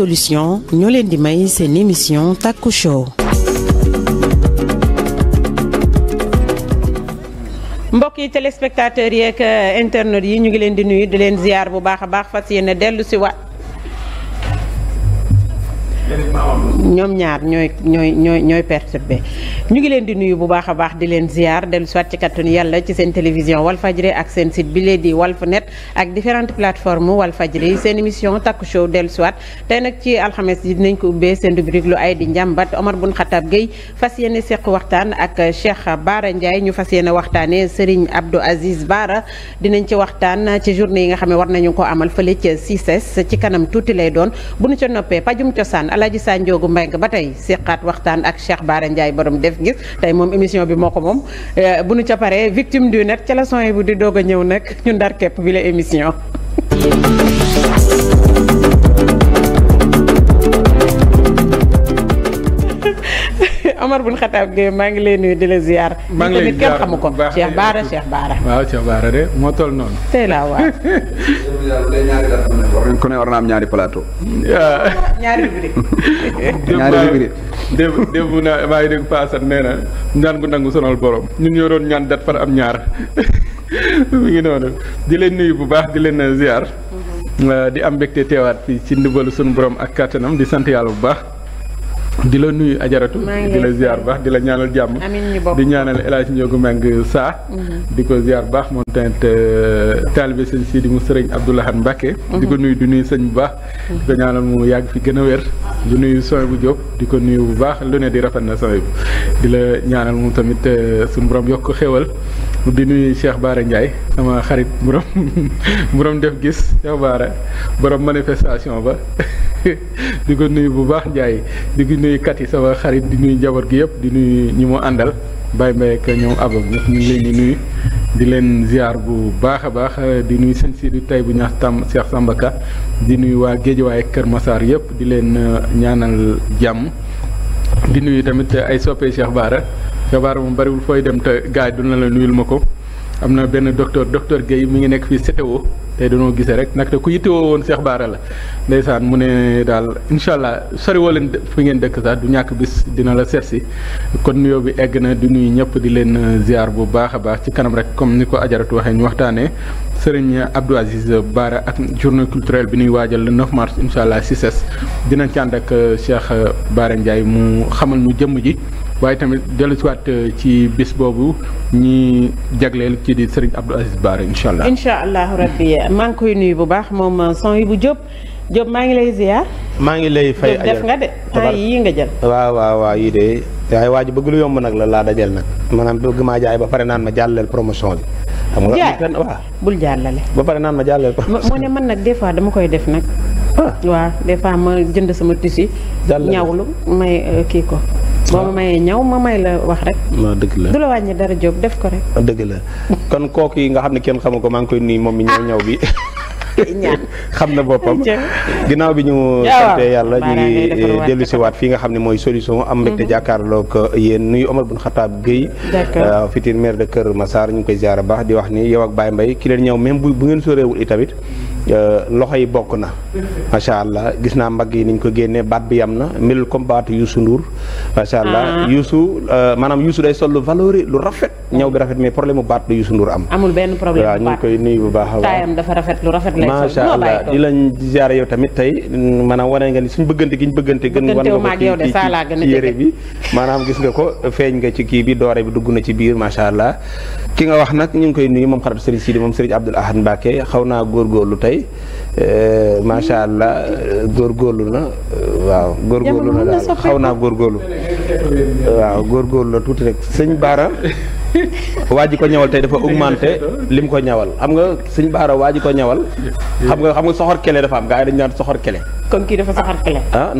solution ñoo leen di may seen émission Taku Show. mbokki téléspectateurs yeeg euh, internet yi ñu ngi leen di nuyu di leen ziar bu baax a baax fas yéene dellu si waat ñoom ñaar ñooy ñooy ñooy ñooy perturbé ñu ngi leen di nuyu bu baax a baax di leen ziar dellu soit ci kattanu yàlla ci seen télévision Walfadjri ak seen site bi lee di Walf Net ak différentes plateformes Walfadjri seen émission takk show dellu soit tey nag ci alxames yi dinañ ko ubbee seen rubrique lu ay di njàmbat Omar Bun Xatab Gueye fas yéene seq waxtaan ak Cheikh Bara Ndiaye ñu fas yéene waxtaanee Serigne Abdou Aziz Bara dinañ ci waxtaan ci journée yi nga xam ne war nañu ko amal fële ca CICES ci kanam tuuti lay doon Alaaji mbay Mbengue ba tey seqaat waxtaan ak Cheikh Bara Ndiaye boroom def gis tey moom émission bi moo ko moom eh, bu nu ca paree victime du net ca la son bu di doog a ñëw nag ñu ndar képp bi la émission Omar bun Xataab Gueye maa ngi lay nuyu di la ziar. maa ngi lay ziar kenn xamu ko moo toll noonu. tey laa am ñaari plateau. ñaari rubrique. ñaari rubrique. maa ngi gu nangu sonal borom ñun ñoo doon ñaan dat am ñaar di leen nuyu bu baax di leen ziar. Mhm. di am mbégte teewaat fii ci ndimbalu sunu borom ak kattanam di sant yàlla bu baax. di la nuyu ajaratu di la ziar baax di la ñaanal jàmm di ñaanal El Hadj Ndiogou Meng saa mhm. di ko ziar baax moom tamit euh, taalibe sëñ si di mu sëriñ Abdoulahan Mbacke di ko mhm. nuyu di nuy sëñ bu baax mhm. di ko ñaanal mu yàgg fi gën a wér di nuyu soy bu Diop di ko nuyu bu baax lu ne di rafet na soy bu di la ñaanal mu tamit euh, suñu borom yokk xéwal di nuyu Cheikh Baara Ndiaye sama xarit borom def gis Cheikh Baara borom manifestation ba di ko nuyu bu baax Ndiaye di ko nuyu kat yi sama xarit di nuyu njaboot gi yëpp di nuyu ñi mu àndal Baye Mbaye ak ñoom Abab ñëpp ñu ngi leen di nuyu. di leen ziar bu baax a baax di nuyu sëñ Sidou tay bu ñaax tam Cheikh Samba Ka di nuyu waa géej waaye Kër Massar yëpp di leen uh, ñaanal jàmm. di nuyu tamit uh, ay soppe Cheikh Baara Cheikh Baara moom bariwul fooy dem te gaa yi na la nuyul ma ko am na benn docteur docteur Guèye mi ngi nekk fii CTO. tey dañoo gisee rek nag ku yittewoo woon Cheikh baare la ndeysaan mu ne daal incha allah soriwoo leen fi ngeen dëkk sax du ñàkk bis dina la seet si kon nuyoo bi egg na di nuyu ñëpp di leen euh, ziar bu baax a baax ci kanam rek comme ni ko ajaratu waxee ñu waxtaanee sëriñ Abdou Aziz baare ak journée culturel bi ñuy waajal le 9 mars incha allah si ses dinañ ci ak euh, Cheikh Baara Ndiaye mu xamal ñu jëmm ji. waaye tamit dellusiwaat euh, ci bis boobu ñi jagleel ci di Serigne Abdou Aziz Bara incha allah. incha allah rabbi maa koy nuyu bu baax moom euh, son yi bu Diop Diop maa ngi lay ziar. maa ngi lay fay ayal def nga de nga jël. waaw waaw waaw yii de waaye waa ji bëgg lu yomb nag la laa dajal nag maanaam bëgg maa jaay ba pare naan ma jàllale promotion bi. xam nga jaay waaw bul jàllale. ba pare naan ma jàllale promotion moo ne man nag des fois dama koy def nag. Ah. waaw des fois ma jënd sama tissu. ñawlu may euh, kii ko. boo ma mayee ñëw ma may la wax rek. dëgg la du la wàññi dara jóg def ko rek. dëgg la kon kooku yi nga xam ne kenn xamu ko maa ngi koy nuyu moom mi ñëw ah. ñaw bi. xam na boppam ginnaaw bi ñu sante yàlla ñu ngi dellu si waat nga xam ne mooy solution am mbégte mhm. jàkkaarloog uh, yéen nuyu Omar bun Xataab Guèye uh, fitin maire de Kër Massar ñu ngi koy ziar baax di wax ni yow ak Baye Mbaye ki leen ñëw même bu ngeen soreewul i tamit Euh, loxo yi bokk na macha allah gis naa mbagg yi niñ ko génnee baat bi yam na melul comme baatu Youssou Ndour macha allah ah. Youssou euh, maanaam Youssou day sol lu valori lu rafet ñëw bi rafet mais problème mu baat lu Youssou Ndour am amul benn problème waaw ñu koy nuyu bu baax taayam dafa lu rafet lay sol macha allah di lañ ziare yow tamit tey maanaam wane nga ni suñ bëggante gi ñu bëggante gën wan nga ko ci yére bi maanaam gis nga ko feeñ nga ci kii bi doore bi dugg na ci biir macha allah ki nga wax nag ñu ngi koy nuyu moom xarit Serigne Sidi moom Serigne Abdoul Ahad Mbacke xaw naa góor góorgóorlu tey euh, macha allah góorlu na waaw. góor na daal xaw naa góorgóorlu. waaw góorgóorlu na tuuti rek sëñ Baara. waa ko ñawal tey dafa augmenté lim ko ñawal xam nga sëñ Baara waa ji ko xam nga xam nga soxor kele dafa am gaa yi dañu naan soxor kele. kon kii dafa soxor kele. ah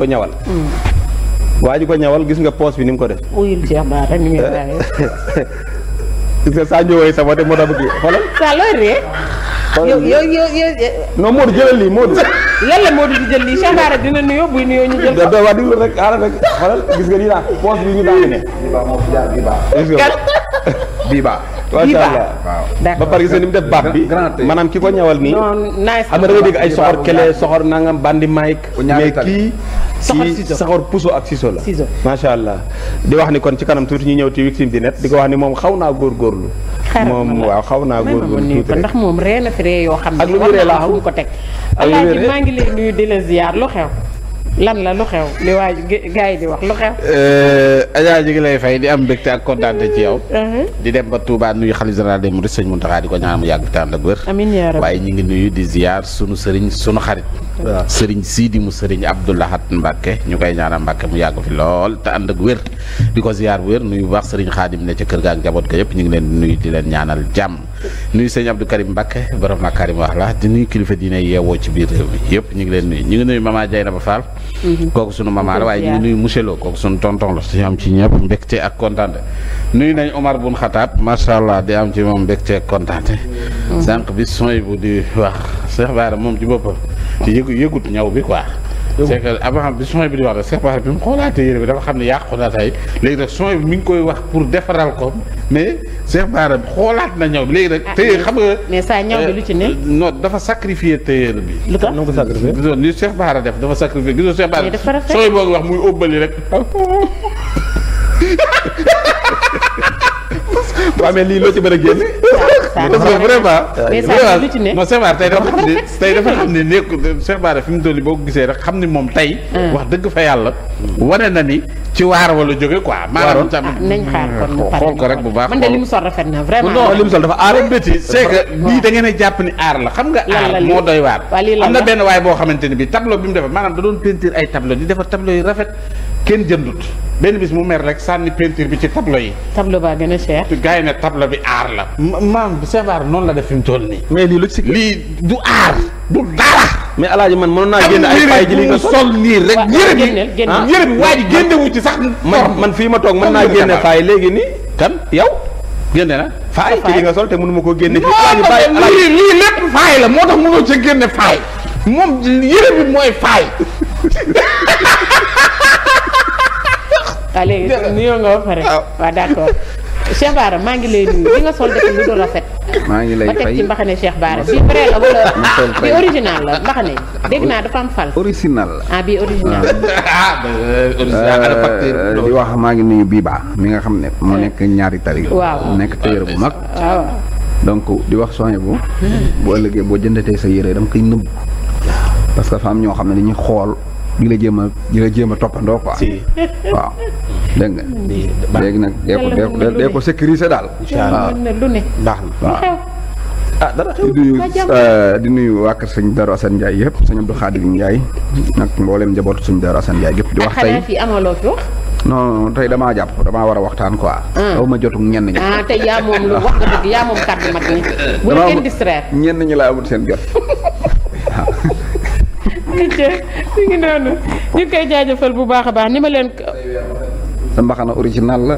ko ñawal. Hmm. waa ji ko ñawal gis nga poos bi ni mu ko def. gis nga saa ñëwee sa wate moo tax bëgg xoolal. saa looy ree. yow yow yow non Modou jëlal lii Modou. lan la Modou di jël lii Cheikh a dina nuyoo buy nuyoo ñu jël. waaw déglu rek xaaral rek xoolal gis nga nii daal poche bi ñu daal di ne. lii Viva. macha allah waaw ba pare gis ni mu def baat bi maanaam ki ko ñawal nii. am na da nga dégg ay soxor kele soxor nangam bandi mike. mais kii si soxor puso ak siso la. macha allah di wax ni kon ci kanam tuuti ñu ñëw ci victime di net di ko wax ni moom xaw naa góorgóorlu. moom waaw xaw naa góorgóorlu tuuti rek ndax moom ree na fi ree yoo xam ne. ak lu mu ree laa xam ko teg. alaaji maa ngi lay nuyu di lu xew lan la lu xew li waa gars yi di wax lu xew. Eh, Adja ñu ngi lay fay di am mbégte ak kontaante ci yow. Uh-huh. di dem ba Touba nuyu xalifa général des mourides sëñ Mountakha di ko ñaan mu yàgg fi tànn ak wér. amiin yaa rabbi waaye ñu ngi nuyu di ziar sunu sëriñ sunu xarit. waaw sii di mu sëriñ Abdou Lahad Mbacke ñu koy ñaana Mbacke mu yàgg fi lool te ànd ak wér. di ko bu wér nuyu bu baax sëriñ Xaadim ne ca kër ga ak njaboot ga yëpp ñu ngi leen di nuyu di leen ñaanal jàmm. nuyu sëñ Abdou Karim Mbacke borom Makarim wax la di nuyu kilifa diine yeewoo ci biir réew ñu ngi leen nuyu ñu ngi nuyu maman Diayna Ba Fall. Mhm. kooku sunu maman la waaye ñu ngi nuyu monsieur Lo kooku sunu tonton la suñu am ci ñëpp mbégte ak kontaante nuyu nañ Omar bun xataat macha allah di am ci moom mbégte ak kontaante. Mhm. sànq bi sooy bu di wax Cheikh Bara moom ci boppam. yëgu yëgut ñaw bi waa c'est que avant bi son bi di wax rek Cheikh Bara bi mu xoolaatee yére bi dafa xam ne yaa xoolaatay léegi nag son bi mi ngi koy wax pour defaral ko mais Cheikh Bara xoolaat na ñaw bi léegi rek tëyeer xam nga. mais saa ñaw bi euh, ci ne. non dafa sacrifié tëyeer bi. lu tax nu mu ko sacrifié. gisoo li Cheikh Bara def dafa sacrifié gisoo Cheikh Bara. mais dafa boo ko wax muy óbbali rek. waaw mais lii loo ci mën a génne. vraiment. non Cheikh Bara tey dafa xam ne tey dafa xam ne nekk Cheikh Bara fi mu toll boo gisee rek xam ni moom tey. wax dëgg fa yàlla. wane na ni ci waar wala jóge quoi. maanaam ah, nañ xaar kon mu hmm, xool ko rek bu baax. man de li mu sol rafet na dafa aar bëti c'est lii da ngeen jàpp ni aar la xam nga. aar moo doy waar. am na benn waay boo xamante ne bi tableau bi mu defar maanaam da doon peinture ay tableau di defar tableau yu rafet kenn jëndut benn bis mu mer rek sànni peinture bi ci tableau yi. tableau baa gën a cher. gars yi ne tableau bi aar la. maam Cheikh Bara noonu la def fi mu toll nii. mais lii lu ci lii du aar du dara. mais alaaji man mënoon naa génne ay paille ji li sol nii rek. yére bi yére ji génne ci sax. man man fii ma toog mën naa génne faay léegi nii. kan yow génne na. faay ci li nga sol te mënu koo génne. la moo tax mooy faay. waaw ah, léegi kon nuyoo nga ba pare ah. waaw d'accord Cheikh Bara maa ngi lay nuyu li nga sol def lu rafet. maa ngi lay fay ba teg ci mbaxane Cheikh Bara bi vrai la wala bi original la mbaxane dégg naa dafa am fal. original ah, bi original. ah euh, di wax maa ngi nuyu Biba mi nga xam ne moo nekk ñaari tari. waaw nekk tailleur bu mag. waaw donc di wax soxna bu. Hmm. bu ëllëgee boo jëndatee sa yére dama koy nëbb. parce que fa am ñoo xam ne dañuy xool. di la jéem a di la jéem toppandoo quoi. waaw dégg nga. léegi nag dee ko dee ko daal. baax na ah dara xew di nuyu euh, di nuyu waa kër sëñ Darou Assane yëpp sëñ Abdou Khadir Ndiaye nag mboolem njabootu sëñ Darou Assane Ndiaye yëpp di wax tey fi amaloo tey damaa jàpp damaa war a waxtaan quoi. Ah. xaw ma jotu ñenn ñi. ah la kenn ñi laa amut seen jot. acca ñu ngi noonu ñu ngi koy jaajëfal bu baax a baax ni ma leen. sa mbaxana original la.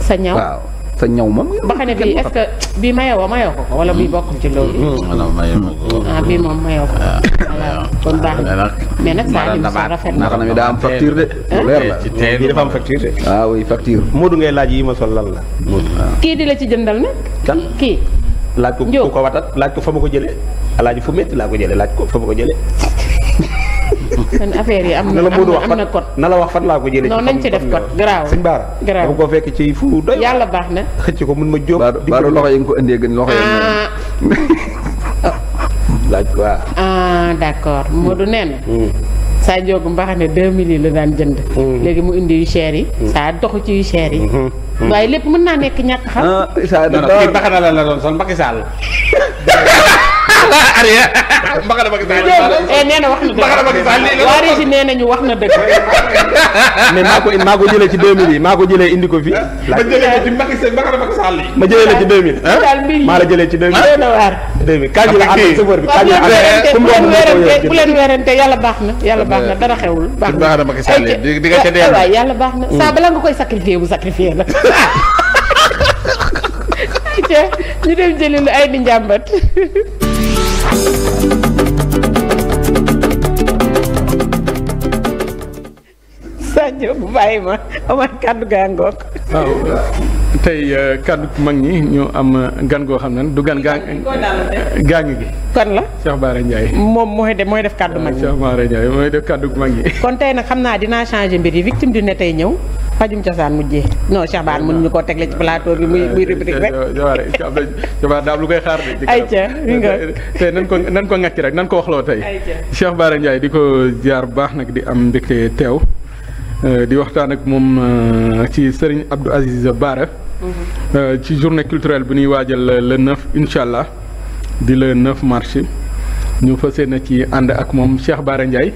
sa ñaw waaw sa ñaw moom. mbaxana bi est-ce que bii mayoo mayoo ko ko wala bii bokkum ci loolu. wala mm, mm, mayoo ko ah bii moom mayoo ko. Ah. kon baax na mais nag saa lim sa rafet na. mbaxana mi daa am facture de. leer la bii dafa am facture de. waaw ah oui facture. Modou ngay laaj yi ma sol lan la. Ah. kii di la ci jëndal nag. kan kii. laaj ko ku ko watat laaj ko fa ma ko jëlee. laaj fu métti laa ko jëlee laaj ko fa ma ko jëlee. kon affaire yi am na am na code wax fan laa ko jëlee. non nañ ci def code garaaw sëñ Baara. garaaw dafa ko fekk ci fu doy. yàlla baax na xëcc ko mun ma jóg. di ko loxo yi ko indee gën loxo yi ah. laaj ko waaw. ah d'accord Modou nee na. Hmm. saa jóg mbaxane deux mille la daan jënd. Hmm. léegi mu indi yu cher yi. Hmm. saa doxu ci yu cher yi. waaye lépp mën naa nekk ñàkk xam. ah Issa mbaxane la la doon sol Macky Sall. Arya. Mbacara Macky Sall nee na wax na dëgg Mbacara Macky Sall waa Régis wax na dëgg. mais maa ko maa ko jëlee ci 2000 yi maa ko jëlee indi ko fi. ma jëlee ko ci Macky Sall Mbacara Macky Sall yi. ma jëlee la ci 2000. ah maa la jëlee ci 2000. kañ la ànd chauffeur bi kañ la ànd. bu leen weerante yàlla baax na yàlla baax na dara xewul. baax na di di nga ca dee waay yàlla baax na saa bala nga koy sacrifier bu sacrifier la. ñu dem jëli lu ay di njàmbat Sadio bu bàyyi ma Omar kàddu gaa ngoog waaw tey euh, kàddu mag ñi ñu am euh, gan goo xam ne du gan gaa gaa gi kon la Cheikh Bara Ndiaye moom mooy de mooy def kàddu mag ñi Cheikh Bara mooy def kàddu mag ñi kon tey nag xam naa dinaa changer mbir yi victime du ne tey ñëw pajum cosaan mujjee non Cheikh Bara mënuñu koo tegle ci plateau bi muy euh, muy rubrique rek. Cheikh Bara daam lu koy xaar de. ayca nan ko nan ko ŋàcc rek nan ko waxloo tey. Cheikh Bara Ndiaye di ko jaar baax nag di am mbégte teew. Euh, di waxtaan ak moom euh, ci Serigne Abdou Aziz Bara. Mhm. ci journée culturelle bi ñuy waajal le 9 incha allah di le 9 mars. ñu fa fas yéene ci ànd ak moom Cheikh Bara Ndiaye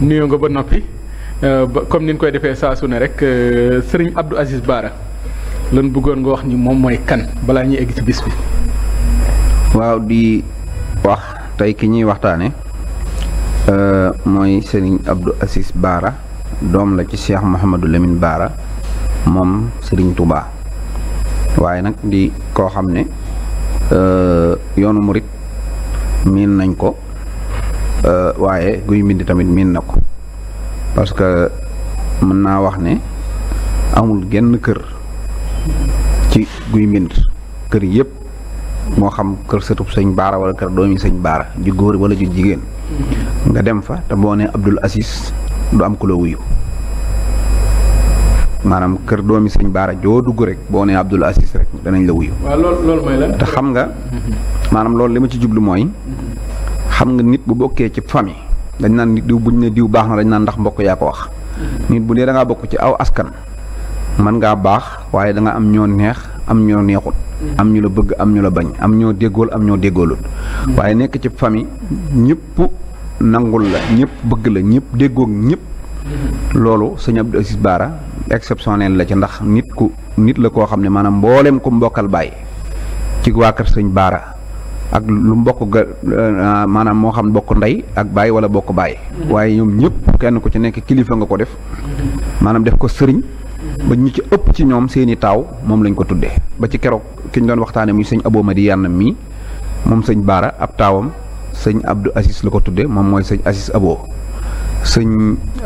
nuyoo nga ba noppi. Euh, ba comme niñ koy defee saasu ne rek euh, sëriñ Abdou asis Baara lan bëggoon nga wax ni moom mooy kan balaa ñuy egg ci bis bi. waaw di wax tey ki ñuy waxtaane euh, mooy sëriñ abdu Aziz Baara doom la ci Cheikh Mouhamadou lemin Baara moom sëriñ Touba waaye nag di koo xam ne yoonu murit miin nañ ko waaye guy mbind tamit miin na ko. parce que mën naa wax ne amul genn kër ci guy mbind kër yëpp moo xam kër sëtub sëñ baara wala kër doomi sëñ baara ji góor wala ju jigéen nga dem fa te boo ne Abdul Asis du am ku la wuyu maanaam kër doomi sëñ baara joo dugg rek boo nee Abdul Asis rek danañ la wuyu. waaw te xam nga. maanaam loolu li ma ci jublu mooy. xam nga nit bu bokkee ci famille. dañ naan diw buñ ne diw baax na dañ naan ndax mbokk yaa ko wax mm-hmm. nit bu dee danga bokk ci aw askan man ngaa baax waaye danga am ñoo neex am ñoo neexut mm-hmm. am ñu la bëgg am ñu la bañ am ñoo déggool am ñoo déggoolut mm-hmm. waaye nekk ci famille ñëpp nangul la ñëpp bëgg la ñëpp déggoog ñëpp loolu sëñ Baara exceptionnel la ci ndax nit ku nit la koo xam ne maanaam mbooleem ku mbokkal bàyyi ci waa kër sëñ Baara ak lu mbokk ga euh, ah, maanaam moo xam bokk ndey ak baay wala bokk baay waaye ñoom ñëpp kenn ku ci nekk kilifa nga ko def maanaam def ko sëriñ ba ñu ci ëpp ci ñoom seeni taaw moom lañ ko tuddee ba ci keroog kiñ ñu doon waxtaane muy sëñ Abo Madiyana mii moom sëñ Baara ab taawam sëñ Abdou Aziz la ko tudde moom mooy sëñ Aziz Abo sëñ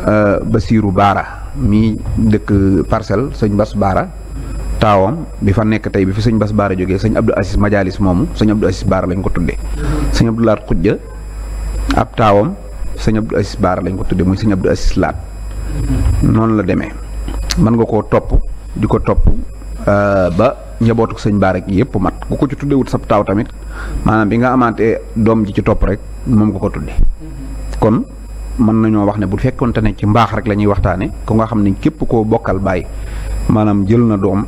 euh, Basiiru Baara mii dëkk parcelle sëñ Bas Baara taawam bi fa nekk tey bi fi sëñ Bas a jógee sëñ Abdou Aziz Majalis moomu sëñ Abdou Aziz Baara lañ ko tuddee. sëñ Abdou Laat Xujja ab taawam sëñ Abdou Aziz Baara lañ ko tuddee muy sëñ Abdou Aziz Laat noonu la demee mën nga koo topp di ko topp euh, ba njabootu sëñ baar gi yëpp mat ku ko ci tuddewut sab taaw tamit maanaam bi nga amaatee doom ji ci topp rek moom nga ko tuddee kon. mën nañoo wax ne bu fekkonte ne ci mbaax rek la ñuy waxtaane ku nga xam ne képp koo bokkal bàyyi maanaam jël na doom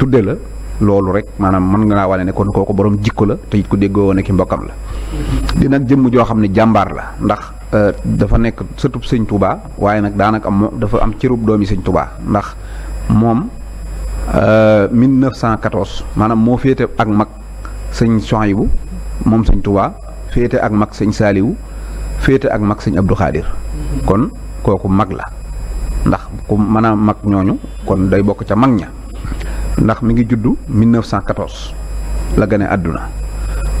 tudde la loolu rek maanaam mën nga naa wane ne kon borom jikko la te it ku déggoo woon ki mbokkam la. di jëmm joo xam ne jàmbaar la ndax euh, dafa nekk sëtub sëñ waaye nag daanaka am dafa am cërub doomi sëñ Touba ndax moom 1914 euh, maanaam moo féete ak mag sëñ Souhaïbou moom sëñ féete ak mag sëñ Saliou féete ak mag sëñ Abdou kon kooku mag la ndax ku mën a mag ñooñu kon day bokk ca mag ña. ndax mi ngi juddu 1914 la gane àdduna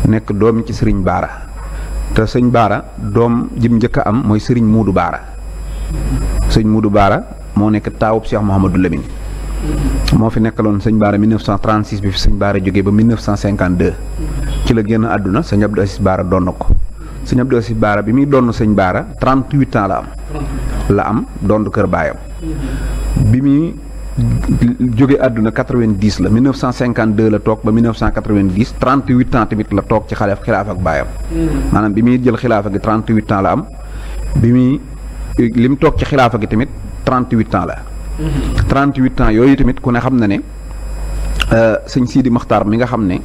nekk doom ci sëriñ Baara te sëñ Baara doom jim njëkk am mooy sëriñ Muudu Baara sëñ Muudu Baara moo nekk taawub seex Mouhamadou lemin moo fi nekkaloon sëñ Baara 1936 bi fi sëñ Baara jóge ba 1952 ci la génn àdduna sëñ Abdou Aziz Baara doon na ko sëñ Abdou Aziz Baara bi muy doon sëñ Baara 38 ans la am la am doon kër baayam bi muy jóge àdduna 90 la 1952 la toog ba 1990 38 ans tamit la toog ci xalaaf xilaaf ak baayam. Hmm. maanaam bi muy jël xilaafa gi 38 ans la am bi muy li mu toog ci xilaafa gi tamit 38 ans la. 38 hmm. ans yooyu tamit ku ne xam na ne euh, sëñ Sidi Maxtaar mi nga xam ne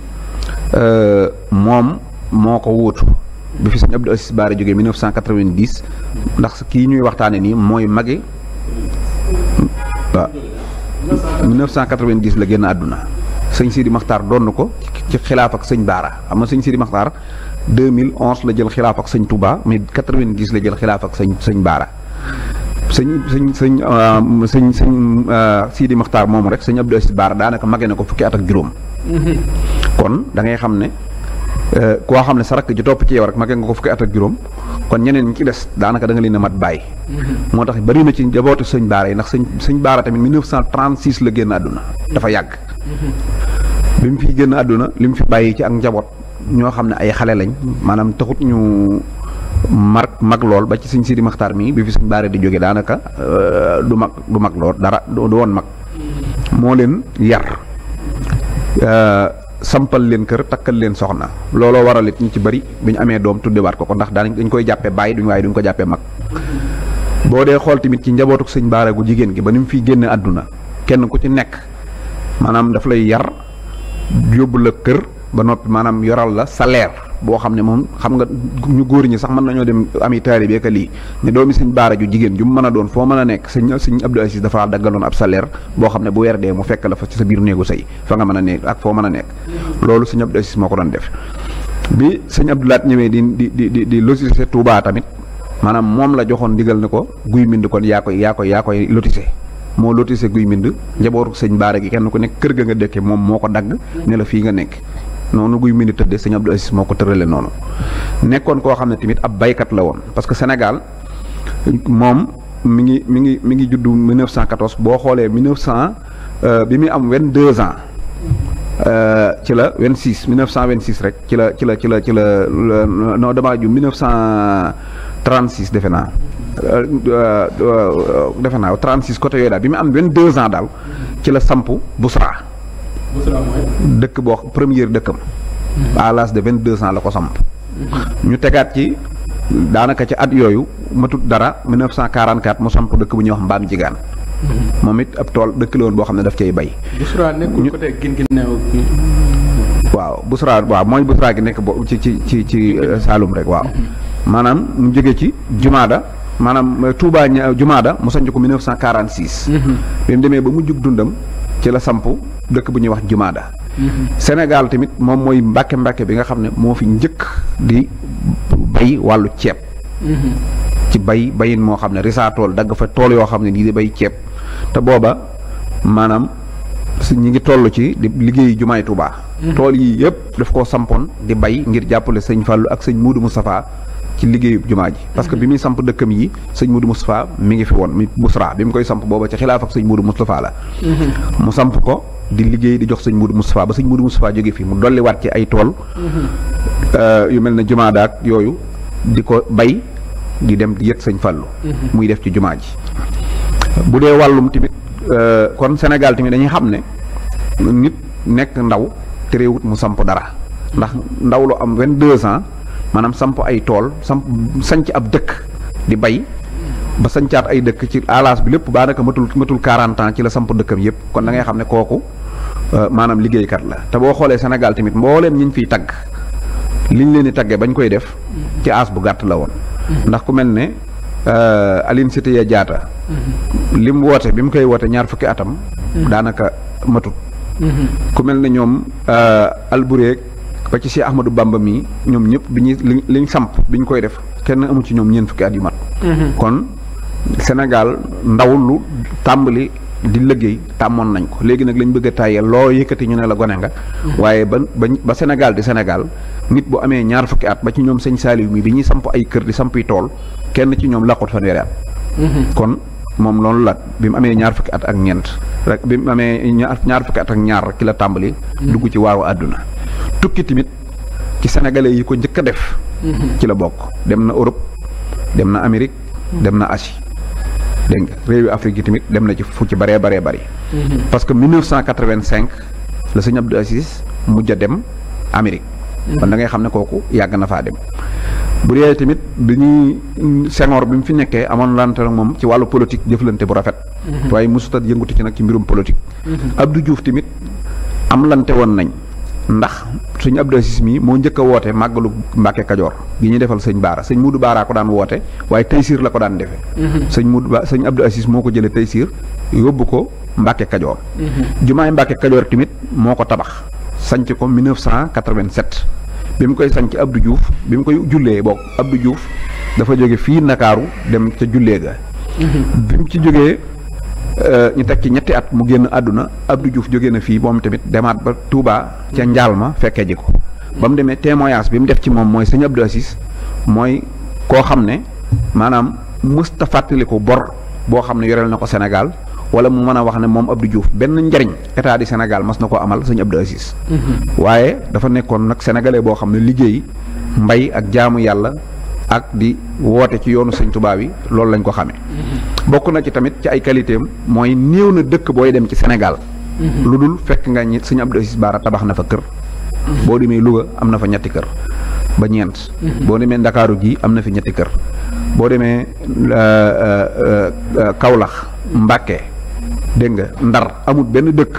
euh, moom moo ko wóotu. bi fi sëñ Abdou Aziz Baara jógee 1990 ndax kii ñuy waxtaane nii mooy mage 1990 la génn àdduna sëñ Sidi Maxtaar doon ko ci xilaaf ak sëñ Baara xam nga sëñ Sidi Maxtaar 2011 la jël xilaaf ak sëñ Touba mais 90 la jël xilaaf ak sëñ sëñ Baara. sëñ sëñ sëñ euh, sëñ sëñ euh, Sidi Maxtaar moomu rek sëñ Abdou Aziz Baara daanaka mage na ko fukki at ak juróom. Mhm. kon da xam ne. Eh, koo xam ne sa rakk ji topp ci yow rek magee nga ko fukki at ak juróom kon ñeneen ñi ci des daanaka da leen a mat bàyyi. Mm-hmm. moo tax bëri na ci njabootu sëñ Baara yi ndax sëñ sëñ Baara tamit 1936 la génn àdduna. dafa yàgg. Mm-hmm. bi mu fi génn àdduna li mu fi bàyyi ci ak njaboot ñoo xam ne ay xale lañ maanaam taxut ñu mar mag lool ba ci sëñ Sidi Maxtaar mii bi fi sëñ Baara di jóge daanaka eh, du mag du mag lool dara du woon mag. Mm-hmm. moo leen yar. Eh, sampal leen kër takkal leen soxna looloo waral it ñu ci bari bu ñu amee doom tuddewaat ko ko ndax daanañ dañu koy jàppee bàyyi duñ waaye duñ ko jàppee mag boo dee xool tamit ci njabootuk sëñ baara jigéen gi ba ni mu fiy génn àdduna kenn ku ci nekk maanaam daf lay yar yóbbu la kër ba noppi maanaam yoral la salaire boo xam ne moom xam nga ñu góor ñi sax mën nañoo dem ami taalibe ka lii ne doomi sëñ baara ju jigéen ju mu mën a doon foo mën a nekk sëñ sëñ Abdou Aziz dafa daggaloon ab salaire boo xam ne bu weer dee mu fekk la fa ci sa biir néegu nga mën a nekk ak foo mën a nekk loolu sëñ Abdou Aziz doon def bi sëñ Abdou Lahat ñëwee di di di di di lotissé Touba tamit maanaam moom la joxoon ndigal ne ko guy mbind kon yaa koy yaa koy yaa koy lotissé moo lotissé guy mbind njabootu sëñ baara gi kenn ko nekk kër ga nga dëkke moom moo ko dagg ne la fii nga nekk noonu guy mën a tëddee sëñ Abdou Aziz moo ko tërale noonu nekkoon koo xam ne tamit ab baykat la woon parce que Sénégal moom mi ngi mi ngi mi ngi juddu 1914 boo xoolee 1900 euh, bi muy am 22 ans. Euh, ci la 26 1926 rek ci la ci la ci la ci la non damaa ju 1936 defe naa. Euh, defe naa 36 côté yooyu bi mu am 22 ans daal ci la samp Bousra. dëkk boo première dëkkam. Hmm. à l'âge de vingt deux ans la ko samp. ñu tegaat ci daanaka ci at yooyu matut dara 1944 mu samp dëkk bu ñuy wax mbaam jigaan. Hmm. moom it ab tool dëkk la boo xam ne daf cay bay. Busra nekkul côté Guinguinéo waaw Busra waaw mooy Busra gi nekk bo ci ci ci ci euh, Saalum rek waaw. Hmm. maanaam mu jóge ci Jumaada maanaam euh, Touba Jumaada mu sanc ko 1946. bi mu demee ba mu jug dundam ci la samp. dëkk bu ñuy wax jumaada mm-hmm. Sénégal tamit moom mooy mbàkke mbàkke bi nga xam ne moo fi njëkk di bay wàllu ceeb mm-hmm. ci bay bayin moo xam ne risaa tool dagg fa tool yoo xam ne nii di bay ceeb te booba maanaam si ñi ngi toll ci di liggéey jumaay Tuubaa mm-hmm. tool yii yëpp daf koo sampoon di bay ngir jàppale sëñ Fàllu ak sëñ Muudu Mustafaa ci liggéeyu jumaa ji parce que bi muy samp dëkkam yi sëñ Muudu Mustafaa mi ngi fi woon mi Busra bi mu koy samp booba ci xilaaf sëñ Muudu Mustafaa la samp ko di liggéey di jox sëñ Moudou Moustapha ba sëñ Moudou Moustapha jóge fi mu dolliwaat ci ay tool. Euh, yu mel ne jumaa daak yooyu di ko bay di dem di yët sëñ Fallou. Mhm. muy def ci jumaa ji. bu dee wàllum tamit euh, kon Sénégal tamit dañuy xam ne nit nekk ndaw te réewut mu samp dara ndax ndaw lu am vingt-deux ans maanaam samp ay tool samp sanc ab dëkk di bay. ba sañcaat ay dëkk ci alaas bi lépp daanaka matul matul 40 ans ci la samp dëkkam yëpp kon da ngay xam ne kooku euh, maanaam liggéeykat la te boo xoolee Sénégal tamit mbooleem ñi ñu fiy tagg liñ leen di taggee bañ koy def ci aas bu gàtt la woon. ndax ku mel ne euh, Aline Sitoé Diatta. li mu woote bi mu koy woote ñaar fukki atam. daanaka matut. ku mel ne ñoom euh, Albureeg ba ci Cheikh Ahmadou Bamba mi ñoom ñëpp bi ñuy liñ samp bi ñu koy def kenn amu ci ñoom ñeent fukki at yu mat. Mm-hmm. kon senegal ndaw lu tàmbali di liggéey tàmmoon nañ ko léegi nag lañ bëgg a tàyyeel loo yëkkati ñu ne la gone nga. waaye ba ba Sénégal di Sénégal nit bu amee ñaar fukki at ba ci ñoom sëñ Saliou mi bi ñuy samp ay kër di sampi tool kenn ci ñoom làqut fanweeri at. Mm-hmm. kon moom loolu la bi mu amee ñaar fukki at ak ñeent rek bi mu amee ñaar fukki at ak ñaar rek ki la tàmbali. Mm-hmm. dugg ci waaru àdduna. tukki tamit ci sénégalais yi ko njëkk a def. Mm-hmm. ci la bokk dem na Europe dem na Amérique dem na Asie. dégg nga réewi Afrique yi tamit dem na ci fu ci bëree bëree bëri. Mm-hmm. parce que 1985 la sëñ Abdou Aziz mujj a dem Amérique. Mm-hmm. kon da ngay xam ne kooku yàgg na faa dem. bu dee tamit bi ñuy Senghor bi mu fi nekkee amoon lante ak moom ci wàllu politique jëflante bu rafet. Mm-hmm. waaye mosut a ci nag ci mbirum politique. Abdou Diouf tamit am lante woon nañ. ndax sëñ Abdou Aziz mi moo njëkk a woote màggalu Mbàkke Kajoor gi ñu defal sëñ Baara sëñ Muudu Baara ko daan woote waaye Taysiir la ko daan defee. Mhm. sëñ Muudu Ba sëñ Abdou Aziz moo ko jëlee Taysiir yóbbu ko Mbàkke Kajoor. Mhm. jumaay Mbàkke Kajoor tamit moo ko tabax sanc ko 1987 bi mu koy sanc Abdou Diouf bi mu koy jullee boog Abdou Diouf dafa jóge fii Ndakaaru dem ca jullee ga. Mhm. bi mu ci jógee Euh, ñu teg ci ñetti at mu génn àdduna Abdou Diouf jóge na fii moom tamit demaat ba Touba ca njaal ma fekkee ji ko ba mu demee témoignage bi mu def ci moom mooy sëñ Abdou Assis mooy koo xam ne maanaam mësta fàttaliku bor boo xam ne yoreel na ko Sénégal wala mu mën a wax ne moom Abdou Diouf benn njariñ état du Sénégal mas na ko amal sëñ Abdou Assis. Mhm. waaye dafa nekkoon nag sénégalais boo xam ne liggéey mbay ak jaamu yàlla ak di woote ci yoonu sëñ tubaab yi loolu lañ ko xamee. bokk na ci tamit ci ay qualité am mooy néew na dëkk booy dem ci Sénégal. lu dul fekk nga ñi sëñ Abdou Aziz Baara tabax na fa kër. boo demee Louga am na fa ñetti kër ba ñeent. boo demee Ndakaaru gi am na fi ñetti kër. boo demee euh, euh, euh, Kaolack Mbàkke dégg nga Ndar amut benn dëkk.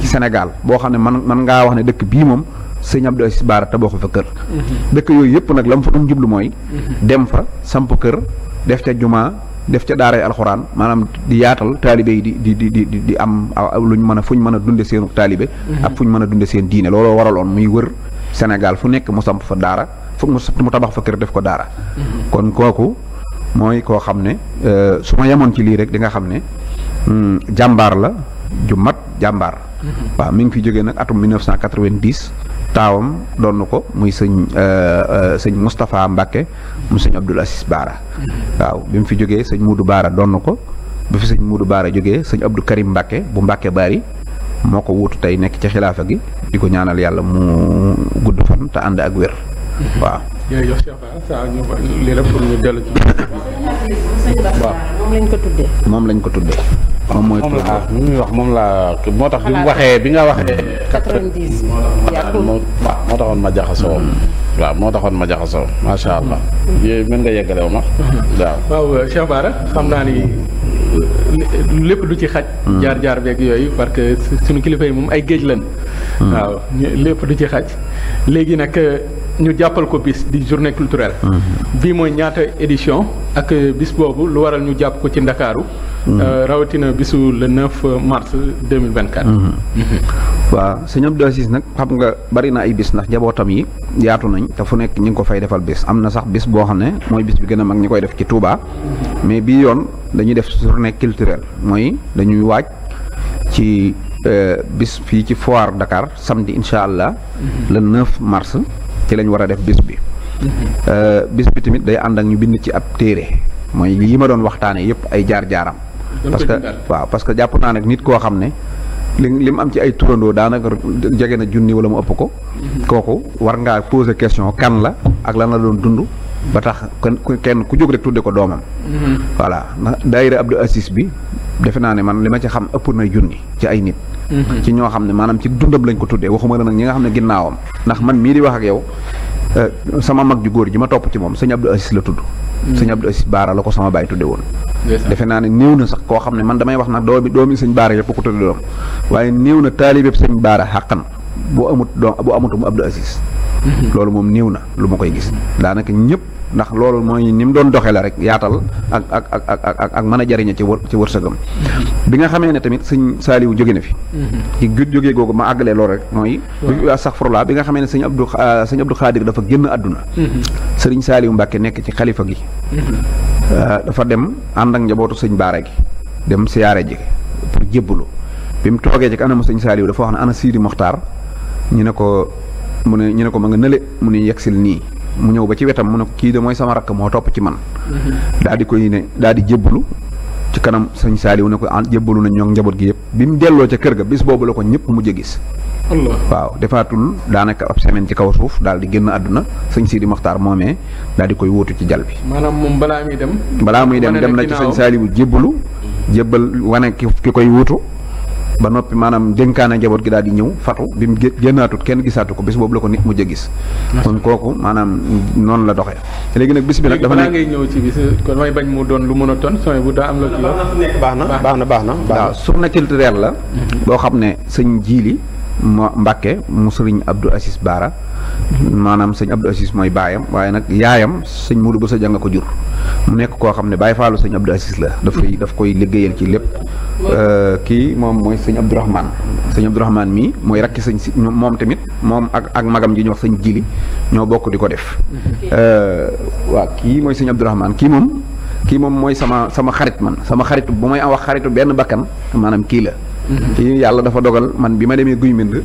ci Sénégal boo xam ne man man ngaa wax ne dëkk bii moom. sëñ Abdou Aziz Baara tabaxu fa kër. Mhm. dëkk yooyu yëpp nag la mu fa doon mooy. Mhm. dem fa samp kër def ca jumaa def ca daaray alxuraan maanaam di yaatal taalibe yi di di di di di am luñ mën a fuñ mën a dundee seenu taalibe. Mhm. ak fuñ mën a dunde seen diine looloo waraloon muy wër Sénégal fu nekk mu samp fa daara fu mu tabax fa kër def ko daara. kon kooku mooy koo xam ne euh, su ma yemoon ci lii rek di nga xam ne hmm, jàmbaar la ju mat jàmbaar. waaw mu ngi fi jógee nag atum 1990. taawam doon ko muy sëñ euh, euh, sëñ Moustapha Mbacke mu sëñ Abdoul Aziz Baara waaw bi mu fi jógee sëñ Moudou Baara doon ko bi fi sëñ Moudou Baara jógee sëñ Abdou Karim Mbacke bu Mbacke Bari moo ko wuutu tey nekk ci xilaafa gi di ko ñaanal yàlla mu gudd fan te ànd ak wér. moom lañ ko tuddee. moom lañ ko tuddee. moom mooy moom laa mu muy wax moom laa moo tax bi mu waxee bi nga waxee. 90 yàggul moo moo taxoon ma jaxasoo. waaw moo taxoon ma jaxasoo mm-hmm. macha allah. yooyu mën nga yeggalew ma. Mm-hmm. waaw waaw euh, xam naa ni euh, lépp du ci xaj. Mm-hmm. jaar jaar beeg yooyu parce que suñu kilifa yi moom ay géej lañ. waaw lépp du ci xaj léegi nag. Euh, ñu jàppal ko bis di journée culturel mhm. bii mooy ñaata édition ak bis boobu lu waral ñu jàpp ko ci Ndakaaru. Mhm. Euh, rawatina bisu le 9 mars 2024. Mhm. waaw sëñ Abdou nag xam nga bari na ay bis ndax njabootam yi yaatu nañ te fu nekk ñu ngi ko fay defal bis am na sax bis boo xam ne mooy bis bi gën a mag ñu koy def ci Touba. mais bii yoon dañuy def journée culturelle mooy dañuy waaj ci euh, bis fii ci foire Dakar samedi incha allah. le 9 mars. ci lañ war a def bis bi. Mm-hmm. Euh, bis bi tamit day àndak ñu bind ci ab téere mooy lii ma doon waxtaanee yëpp ay jaar jaaram. parce que waaw parce que jàpp naa ne nit koo xam ne. li li mu am ci ay turandoo daanaka jege na junni wala mu ëpp ko. Mm-hmm. kooku war ngaa poser question kan la ak lan la doon dund. ba tax kenn ku jóg rek tudde ko doomam. Mm-hmm. voilà daayira Abdou Assis bi defe naa ne man li ma ci xam ëpp na junni ci ay nit. Mm-hmm. ci ñoo xam ne maanaam ci dundam lañ ko tuddee waxuma la nag ñi nga xam ne ginnaawam ndax man mii di wax ak yow euh, sama mag ju góor ji ma topp ci moom sëñ Abdou Aziz la tudd mm-hmm. sëñ Abdou Aziz Baara la ko sama baay tudde woon defe naa ne néew na sax koo xam ne man damay wax nag doomi doomi sëñ Baara yëpp ko tudde doom waaye néew na taalibeeb sañ Baara xàqan bu amut doom bu amutum Abdou Aziz mm-hmm. loolu moom néew na lu ma koy gis daanaka ñëpp ndax loolu mooy ni mu doon doxee la rek yaatal ak ak ak ak ak mën a jariñe ci wër ci wërsëgam bi nga xamee ne tamit sëñ saaliwu jóge na fi ci jóge googu ma àggalee loolu rek mooy sax furla bi nga xamee ne sëñ Abdou ah, sëñ Abdou Xaadir dafa génn àdduna sëriñ saaliwu Mbàkke nekk ci xalifa gi ah, dafa dem ànd ak njabootu sëñ baara gi dem siyaare ji pour jébbalu bi mu toogee ci kanamu sëñ saaliwu dafa wax ne ana siiri moxtaar ñu ne ko mu ne ñu ne ko ma nga nële mu ne yegsil nii mu ñëw ba ci wetam mu ne ko kii de mooy sama rakk moo topp ci man. Mm-hmm. daal di koy ne daal di jébbalu ci kanam sëñ Saaliw ne ko ah, jébbalu nañ ñoom njaboot gi yëpp bi mu delloo ca kër ga bés boobu la ko ñëpp mujj gis. waaw defaatul daanaka ab semaine ci kaw suuf daal di génn àdduna sëñ Sidi Moxtaar moomee daal di koy wóotu ci jal bi. maanaam moom balaa muy dem. balaa muy dem dem na ci sëñ Saaliw jébbalu jébbal wane ki koy wutu ba noppi maanaam dénkaana njaboot gi daal di ñëw fatu bi mu génnaatut kenn gisaatu ko bis boobu la ko nit mujj a gis. kon kooku maanaam noonu la doxee. léegi nag bis bi nag dafa nekk ngay ñëw ci bis kon may bañ mu doon lu mën a ton bu daa am la ci wax. baax baax na baax na. waaw surna culturel la. Mhm. boo xam ne sëñ Jiili Mbàkke mu sëriñ Abdou asis Baara. maanaam sëñ Abdou Aziz mooy baayam waaye nag yaayam sëñ Modou sa Dieng ko jur mu nekk koo xam ne Baye Fallou sëñ Abdou Aziz la dafa koy daf koy liggéeyal ci lépp euh, kii moom mooy sëñ Abdourahman sëñ Abdourahman mii mooy rakki sëñ si moom tamit moom ak ak magam ji ñu wax sëñ Jili ñoo bokk di ko def euh, waa kii mooy sëñ Abdourahman kii moom kii moom mooy sama sama xarit man sama xaritu bu may wax xaritu benn bakkan maanaam kii la mhm. kii yàlla dafa dogal man bi ma demee guy mbind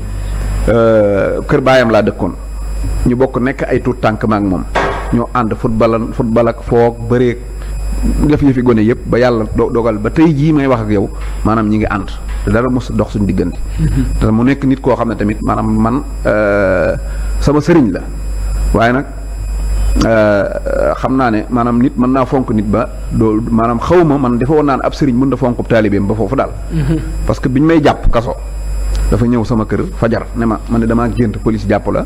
euh, kër baayam laa dëkkoon ñu bokk nekk ay tuut tànk maak moom ñoo ànd football football ak foog bëreeg def yëfi gone yëpp ba yàlla dogal ba tey jii may wax ak yow maanaam ñi ngi ànd te dara mos dox suñu diggante. te mu nekk nit koo xam ne tamit maanaam man euh, sama sëriñ la waaye nag euh, xam naa ne maanaam nit mën naa fonk nit ba doo maanaam xaw ma man dafa naa naan ab sëriñ mun na fonk taalibeem ba foofu daal. Mm-hmm. parce que ñu may jàpp kaso dafa ñëw sama kër fajar ne ma man ne damaa gént police jàpp la.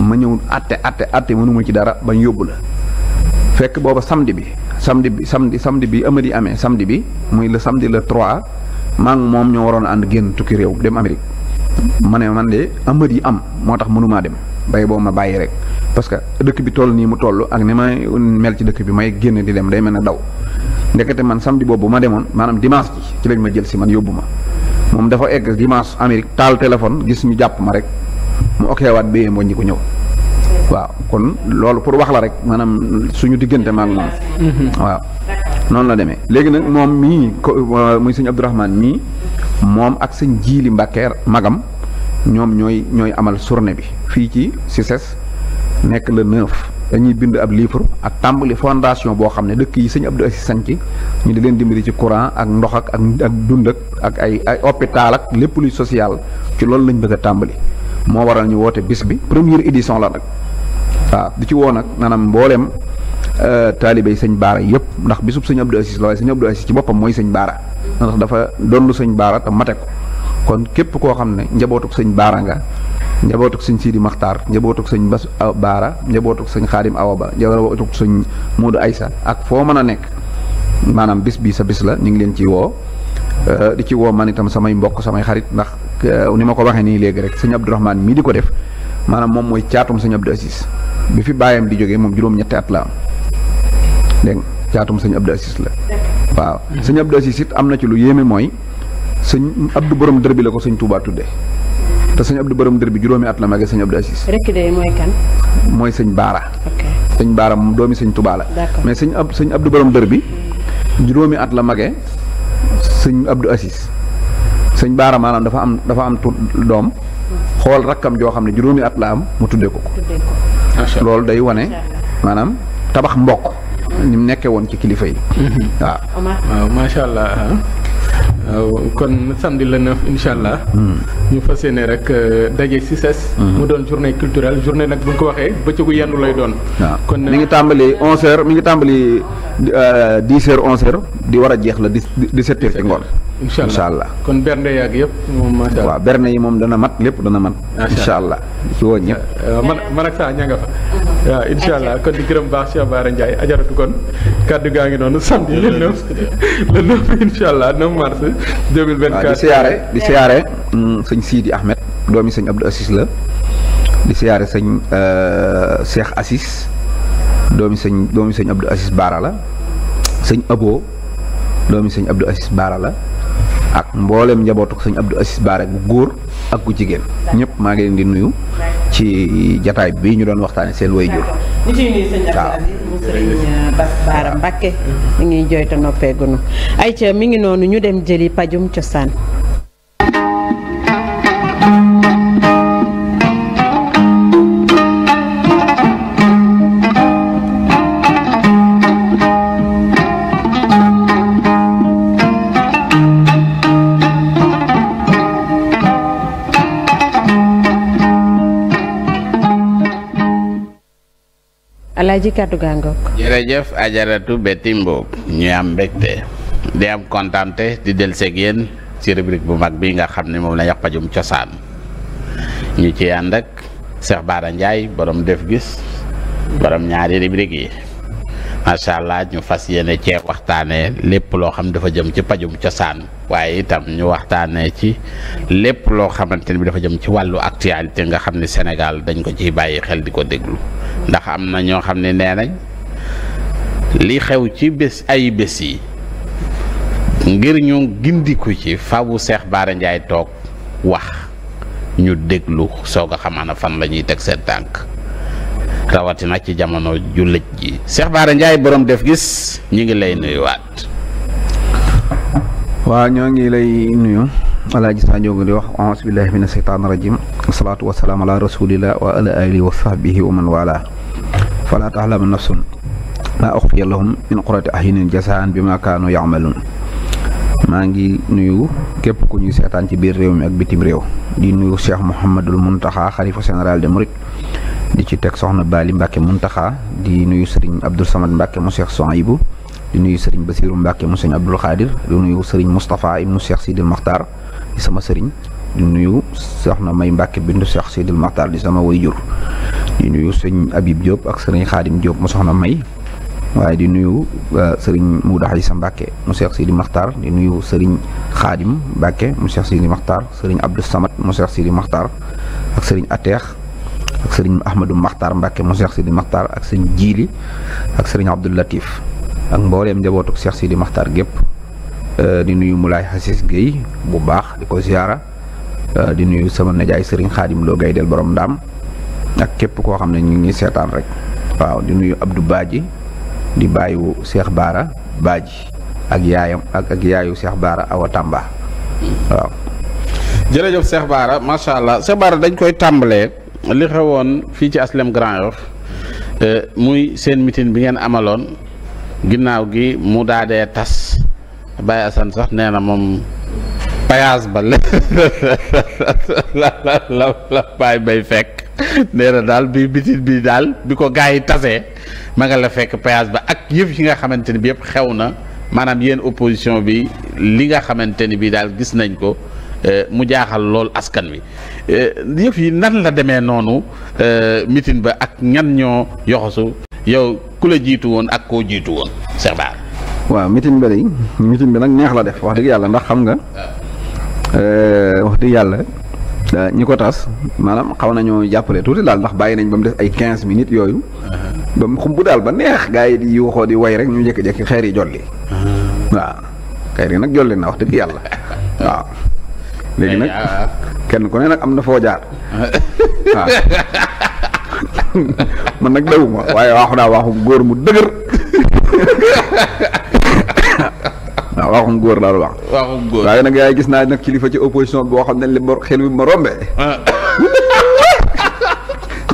ma ñëw atte atte atte mënuma ci dara bañ yóbbu la fekk booba samedi bi samedi bi samedi samedi bi amadi amee samedi bi muy le samdi la 3 man moom ñoo waroon ànd génn tukki réew dem Amérique ma ne man de amadi am moo tax mënumaa dem bay boo ma bàyyi rek parce que dëkk bi toll nii mu toll ak ni ma mel ci dëkk bi may génn di dem day mel ne daw ndekete man samedi boobu ma demoon maanaam dimanche ci ci lañ ma jël si man yóbbu ma moom dafa egg dimanche Amérique taal téléphone gis ñu rek mu ok waat béyee mu wàññi ko ñëw. waaw kon loolu pour wax la rek maanaam suñu diggante maag moom. waaw noonu la demee léegi nag moom mii ko euh, muy sëñ Abdourahman mii moom ak sëñ Jiili Mbàkke magam ñoom ñooy ñooy amal journée bi fii ci si CICES nekk le neuf. dañuy bind ab livre ak tàmbali fondation boo xam ne dëkk yi sëñ Abdou Aziz sanc ñu di leen dimbali ci courant ak ndox ak ak dund ak ay ay hôpital ak lépp luy social ci loolu lañ bëgg a tàmbali. moo waral ñu woote bis bi première édition la nag waaw di ci woo nag maanaam mbooleem euh, taalibe yi sëñ baara yëpp ndax bisub sëñ Abdou Aziz la waaye ci boppam mooy sëñ baara ndax dafa doon lu baara mate ko kon képp koo xam ne njabootuk sëñ baara nga njabootuk sëñ Sidi Maxtaar njabootuk sëñ Bas baara njabootuk sëñ Xaadim Awa Ba njabootuk sëñ Moodu Aysa ak foo mën a nekk maanaam bis bi sa bis la ñu ngi leen ci woo euh, di ci woo man itam samay mbokk samay xarit ndax Euh, ni ma ko waxee nii léegi rek sëñ Abdourahmane mii di ko def maanaam moom mooy caatum sañ Abdou Aziz bi fi bàyyam di jógee moom juróom-ñetti at la am dégg nga caatum sëñ Abdou Aziz la. waaw sëñ Abdou Aziz it am na ci lu yéeme mooy sëñ Abdou Borom dër bi la ko sëñ Touba tuddee te sëñ Abdou Borom dër bi juróomi at la magee sëñ Abdou Aziz. rek mooy sëñ Baara. sëñ Baara moom doomi sëñ Touba la. mais sëñ ab sëñ Abdou Borom dër bi juróomi at la magee sëñ Abdou Aziz. sëñ Baara maanaam dafa am dafa am doom xool rakkam joo xam ne juróomi at la am mu tuddee ko ko loolu day wane maanaam tabax mbokk ni mu nekkee woon ci kilifa yi mhm. waaw waaw allah ah. waaw euh, kon samedi le 9 incha allah. Hmm. ñu fas yéene rek euh, daje si ses. Hmm. mu doon journée culturelle journée nag bu ñu ko waxee bëccëgu yendu lay doon. kon euh, mi ngi tàmbali 11h mi ngi tàmbali 10h 11 di war a jeex la 17h ci ngoon. incha allah kon bernde yaag yëpp moom macha allah bernde yi moom dana mat lépp dana mat. incha allah ci woo ñëpp. man man ak saa ña nga fa. waaw incha allah kon di gërëm baax Cheikh Bara Ndiaye ajaratu kon kàddu gaa ngi noonu samedi le 9 le allah 9 mars. 2024 di siyaare di siyaare mm, sëñ Sidi Ahmed doomi sëñ Abdou Assis la di siyaare sëñ euh, Cheikh Assis doomi sëñ doomi sëñ Abdou Assis Baara la sëñ Abo doomi sëñ Abdou Assis Baara la ak mboolem njabootu sëñ Abdou Assis Baara gu góor ak gu jigéen ñëpp maa ngi leen di nuyu ci jataay bi ñu doon waxtaane seen way jur ñu ciy nuyu sëñ Abdoulaye mu sëriñ euh, mi mm-hmm. ngi jooyta noppeegunu ayca mi ngi noonu ñu dem jëli pajum cosaan Alaaji kàddu gaa ngoog jërëjëf ajaratu Betty Mbow am mbégte di am kontante di del seeg yéen ci rubrique bu mag bi nga xam ne moom la ñu pajum cosaan ñu ci ànd ak Cheikh Bara Ndiaye borom def gis borom ñaari rubrique yi macha allah ñu fas yéene ceex waxtaanee lépp loo xam dafa jëm ci pajum cosaan waaye itam ñu waxtaanee ci lépp loo xamante ni bi dafa jëm ci wàllu actualité nga xam ni Sénégal dañ ko ci bàyyi xel di ko déglu ndax am na ñoo xam ne nee nañ li xew ci bés ay bés yi ngir ñu gindiku ci fawu seex Bara njaay toog wax ñu déglu soog a xamaana fan la ñuy teg seen tànk rawatina ci jamono ju lëj ji Cheikh Bara Ndiaye borom def gis ñi ngi lay nuyuwaat. waa ñoo ngi lay nuyu. alaa gis naa ñoo di wax auzu billaahi mina seytaani rajiim wasalaatu wasalaam ala rasulillah wa alihi wa sahbihi wa man wala falaa taxlamu nafsun maa min qurati ahyunin jasaan bi ma kaanu yamaluun maa ngi nuyu képp ku ñuy seetaan ci biir réew mi ak bitim réew di nuyu Cheikh Mouhamadul Mountakha xalifa général de Mouride di ci teg soxna Bali Mbacke Mountakha di nuyu sëriñ Abdoul Samad Mbacke mu Cheikh Souhaïbou di nuyu sëriñ Basiru Mbacke mu sëriñ Abdoul Khadir di nuyu sëriñ Moustapha ibnu sama sëriñ di nuyu soxna May Mbàkke bindu Cheikh Sidil Maxtaar di sama waajur di nuyu sëñ Abib Diop ak sëriñ Xaadim Diop mu soxna May waaye di nuyu euh, sëriñ Muudu Xaysa Mbàkke mu Cheikh Sidil Maxtaar di nuyu sëriñ Xaadim Mbàkke mu Cheikh Sidil Maxtaar sëriñ Abdou Samad mu Cheikh Sidil Maxtaar ak sëriñ Ateex ak sëriñ Ahmadou Maxtaar Mbàkke mu Cheikh Sidil Maxtaar ak sëñ Jiili ak sëriñ Abdou Latif ak mbooleem njabootuk Cheikh Sidil Maxtaar gépp Euh, di nuyu Moulay Hassis Guèye bu baax di ko ziara euh, di nuyu sama nijaay Serigne Khadim Lo Gaydel borom ndaam ak képp koo xam ne ñu ngi seetaan rek waaw di nuyu Abdou baaji di bàyyiwu seex Baara Badji ak yaayam ak ak yaayu Cheikh Baara Awa Tamba waaw. jërëjëf Cheikh Baara macha allah Cheikh Baara dañ koy tàmbalee li xewoon fii ci Aslem Grand Yoff euh, muy seen mitin bi ngeen amaloon ginnaaw gi mu daadee tas. Baye Assane sax nee na moom payaas ba la la bay fekk nee daal bi bitit bi daal bi ko gars yi tasee ma nga la fekk payaas ba ak yëf yi nga xamante ni bi yëpp xew na maanaam yéen opposition bi li nga xamante ni bi daal gis nañ ko euh, mu jaaxal lool askan wi euh, yëf yi nan la demee noonu euh, mitin ba ak ñan ñoo yoxosu yow ku la jiitu woon ak koo jiitu woon Cheikh waaw meeting bi day meeting bi nag neex la def wax dëgg yàlla ndax xam nga eh, wax dëgg yàlla ñi ko tas maanaam xaw nañoo jàppale tuuti daal ndax bàyyi nañ ba mu def ay quinze yooyu uh-huh. ba mu xumbu daal ba neex gaa yi di di way rek ñu jékki-jékki xeer yi jolli uh-huh. waaw xeer yi nag jolli na wax dëgg yàlla waaw léegi nag kenn ku ne nag am na foo jaar waaw man nag dawuma waaye waaxu naa waaxu góor mu dëgër waaw waxum góor daal wax. waxum góor waaye nag yaay gis naa nag kilifa ci opposition boo xam ne li ma xel bi ma rombee. nee ah.